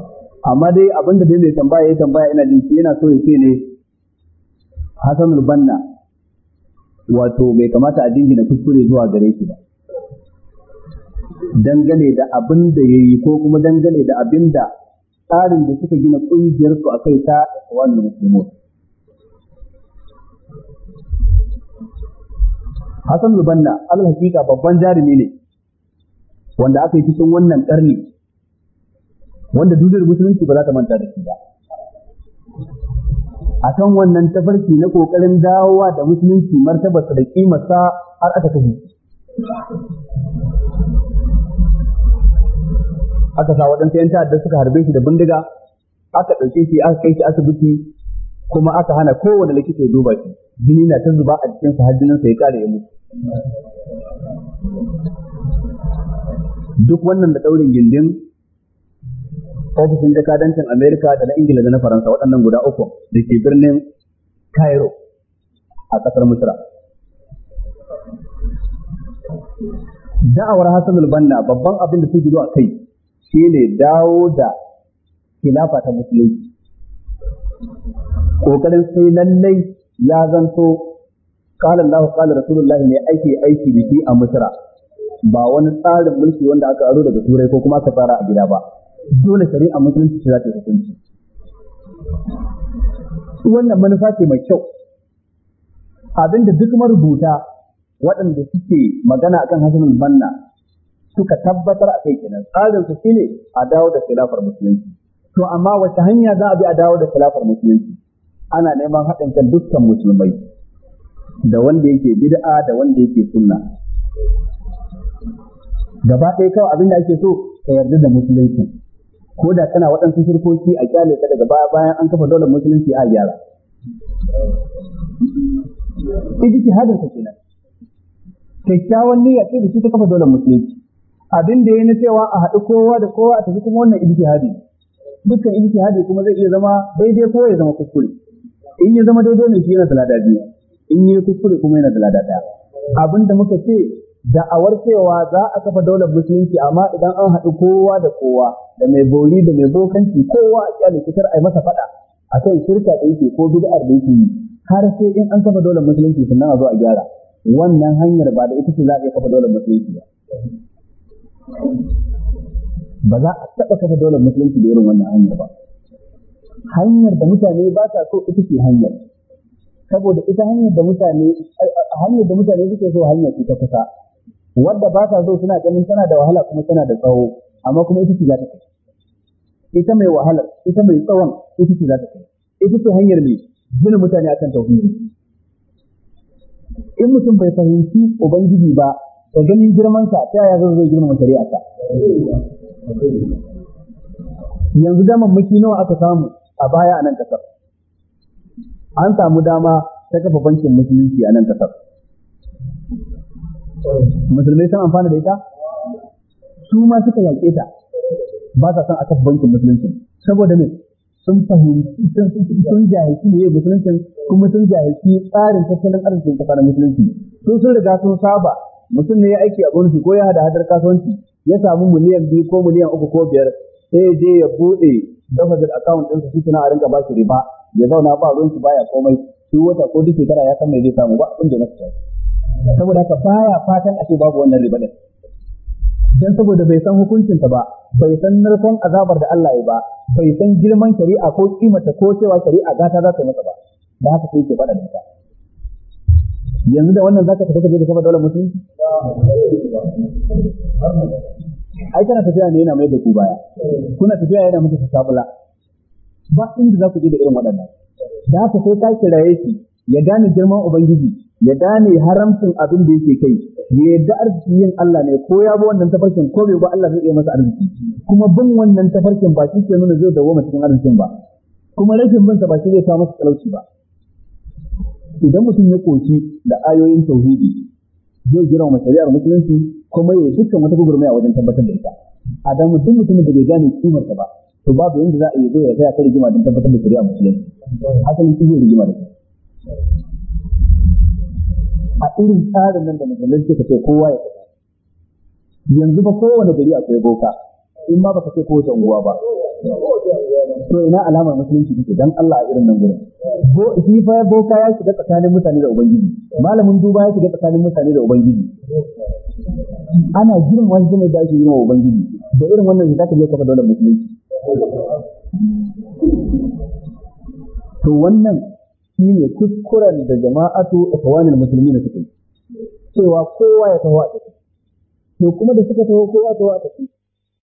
amma dai abin da dai mai tambaya ya tambaya ina jin shi yana so ya ce ne Hassan Banna wato bai kamata a jingina kuskure zuwa gare shi ba dangane da abin da ya yi ko kuma dangane da abin da tsarin da suka gina ƙungiyar su a kai ta wannan muslimun Hassan Lubanna alal hakika babban jarumi ne wanda aka yi cikin wannan ƙarni. wanda duniyar musulunci ba za ta manta da shi ba a kan wannan tafarki na ƙoƙarin dawowa da musulunci martabarsa da ƙimasa har aka kashe aka sa waɗansu 'yan ta'adda suka harbe shi da bindiga aka ɗauke shi aka kai shi asibiti kuma aka hana kowane likita ya duba shi jini na ta zuba a cikin sa har jinin sa ya kare ya mutu duk wannan da ɗaurin gindin ofishin jakadancin Amerika da na Ingila da na Faransa waɗannan guda uku da ke birnin Cairo a ƙasar Misra da'awar Hassan al-Banna babban abin da suke a kai shine dawo da kilafa ta musulunci kokarin sai lallai ya zanto 'ƙalin Allahu ƙalin Rasulullahi ne ake aiki da shi a Misra ba wani tsarin mulki wanda aka aro daga turai ko kuma aka tsara a gida ba dole shari'a musulunci ce za ta hukunci wannan manufa ce mai kyau abinda duk marubuta waɗanda suke magana akan hasanul banna suka tabbatar a kai kenan tsarin su shine a dawo da khilafar musulunci to amma wata hanya za a bi a dawo da khilafar musulunci ana neman haɗin kan dukkan musulmai da wanda yake bid'a da wanda yake sunna gaba ɗaya kawai abin da ake so ka yarda da musulunci ko da kana waɗansu shirkoki a kyale ka daga baya bayan an kafa dole musulunci a gyara hadin ka kenan kyakkyawan niyya ce da shi ta kafa dole musulunci abin da ya na cewa a haɗu kowa da kowa a tafi kuma wannan ijtihadi dukkan ijtihadi kuma zai iya zama daidai ko ya zama kuskure in ya zama daidai ne shi yana da biyu in yi kuskure kuma yana da ɗaya abin da muka ce da'awar cewa za a kafa daular musulunci amma idan an haɗu kowa da kowa da mai bori da mai bokanci kowa a kyale kitar a yi masa faɗa a kai shirka da yake ko bid'ar da yake yi har sai in an kafa daular musulunci sannan a zo a gyara wannan hanyar ba da ita ce za a iya kafa daular musulunci ba ba za a taɓa kafa dole musulunci da irin wannan hanyar ba hanyar da mutane ba sa so ita ce hanyar saboda ita hanyar da mutane hanyar da mutane suke so hanyar ita kusa wadda ba sa so suna ganin tana da wahala kuma tana da tsawo amma kuma ita ce za ta kai ita mai wahalar ita mai tsawon ita ce za ta kai ita ce hanyar mai gina mutane akan tauhidi in mutum bai fahimci ubangiji ba da ganin girman ka ta yaya zan zo girman shari'a ka yanzu maki nawa aka samu a baya a nan kasar an samu dama ta kafa bankin musulunci a nan kasar musulmai sun amfana da ita su ma suka yaƙe ta ba sa son a kafa bankin musulunci saboda me sun fahimci sun jahilci ne musulunci, kuma sun jahilci tsarin tattalin arzikin kafa na musulunci sun sun riga sun saba mutum ne ya aiki a gwamnati ko ya hada hadar kasuwanci ya samu miliyan biyu ko miliyan uku ko biyar sai ya je ya buɗe deposit account ɗinsa shi kina a rinka ba shi riba ya zauna ba ruwan shi baya komai shi wata ko duk shekara ya san me zai samu ba abin da masa saboda haka baya fatan a ce babu wannan riba din dan saboda bai san hukuncinta ba bai san narkon azabar da Allah ya ba bai san girman shari'a ko kimata ko cewa shari'a gata za ta yi masa ba da haka sai ke faɗa da ita yanzu da wannan zaka tafi ka je ka kafa daular musulunci ai kana tafiya ne yana mai da ku baya kuna tafiya yana muku sabula ba inda zaku je da irin waɗannan da haka sai ka kiraye shi ya gane girman ubangiji ya gane haramcin abin da yake kai ya yadda arziki yin Allah ne ko ya bi wannan tafarkin ko bai ba Allah zai iya masa arziki kuma bin wannan tafarkin ba shi ke nuna zai dawo cikin arzikin ba kuma rashin bin sa ba shi zai kawo masa talauci ba idan mutum ya koki da ayoyin tauhidi zai jira wa shari'ar musulunci kuma ya dukkan wata gurgurmaya wajen tabbatar da ita a da mutum mutumin da bai gane kimar ta ba to babu yadda za a yi zai ya tsaya ta rigima don tabbatar da shari'ar musulunci asalin shi zai rigima da a irin tsarin nan da musulunci suka ce kowa ya tafi yanzu ba kowane gari akwai boka in ma baka ce kowace unguwa ba to ina alamar musulunci take dan Allah a irin nan gurin ko shi fa boka ya shiga tsakanin mutane da ubangiji malamin duba ya shiga tsakanin mutane da ubangiji ana girin wani zai da shi wa ubangiji da irin wannan zaka je kafa dole musulunci to wannan shine kuskuren da jama'atu ikhwanul muslimin suka yi cewa kowa ya tawa ta ciki to kuma da suka tawa kowa tawa ta ciki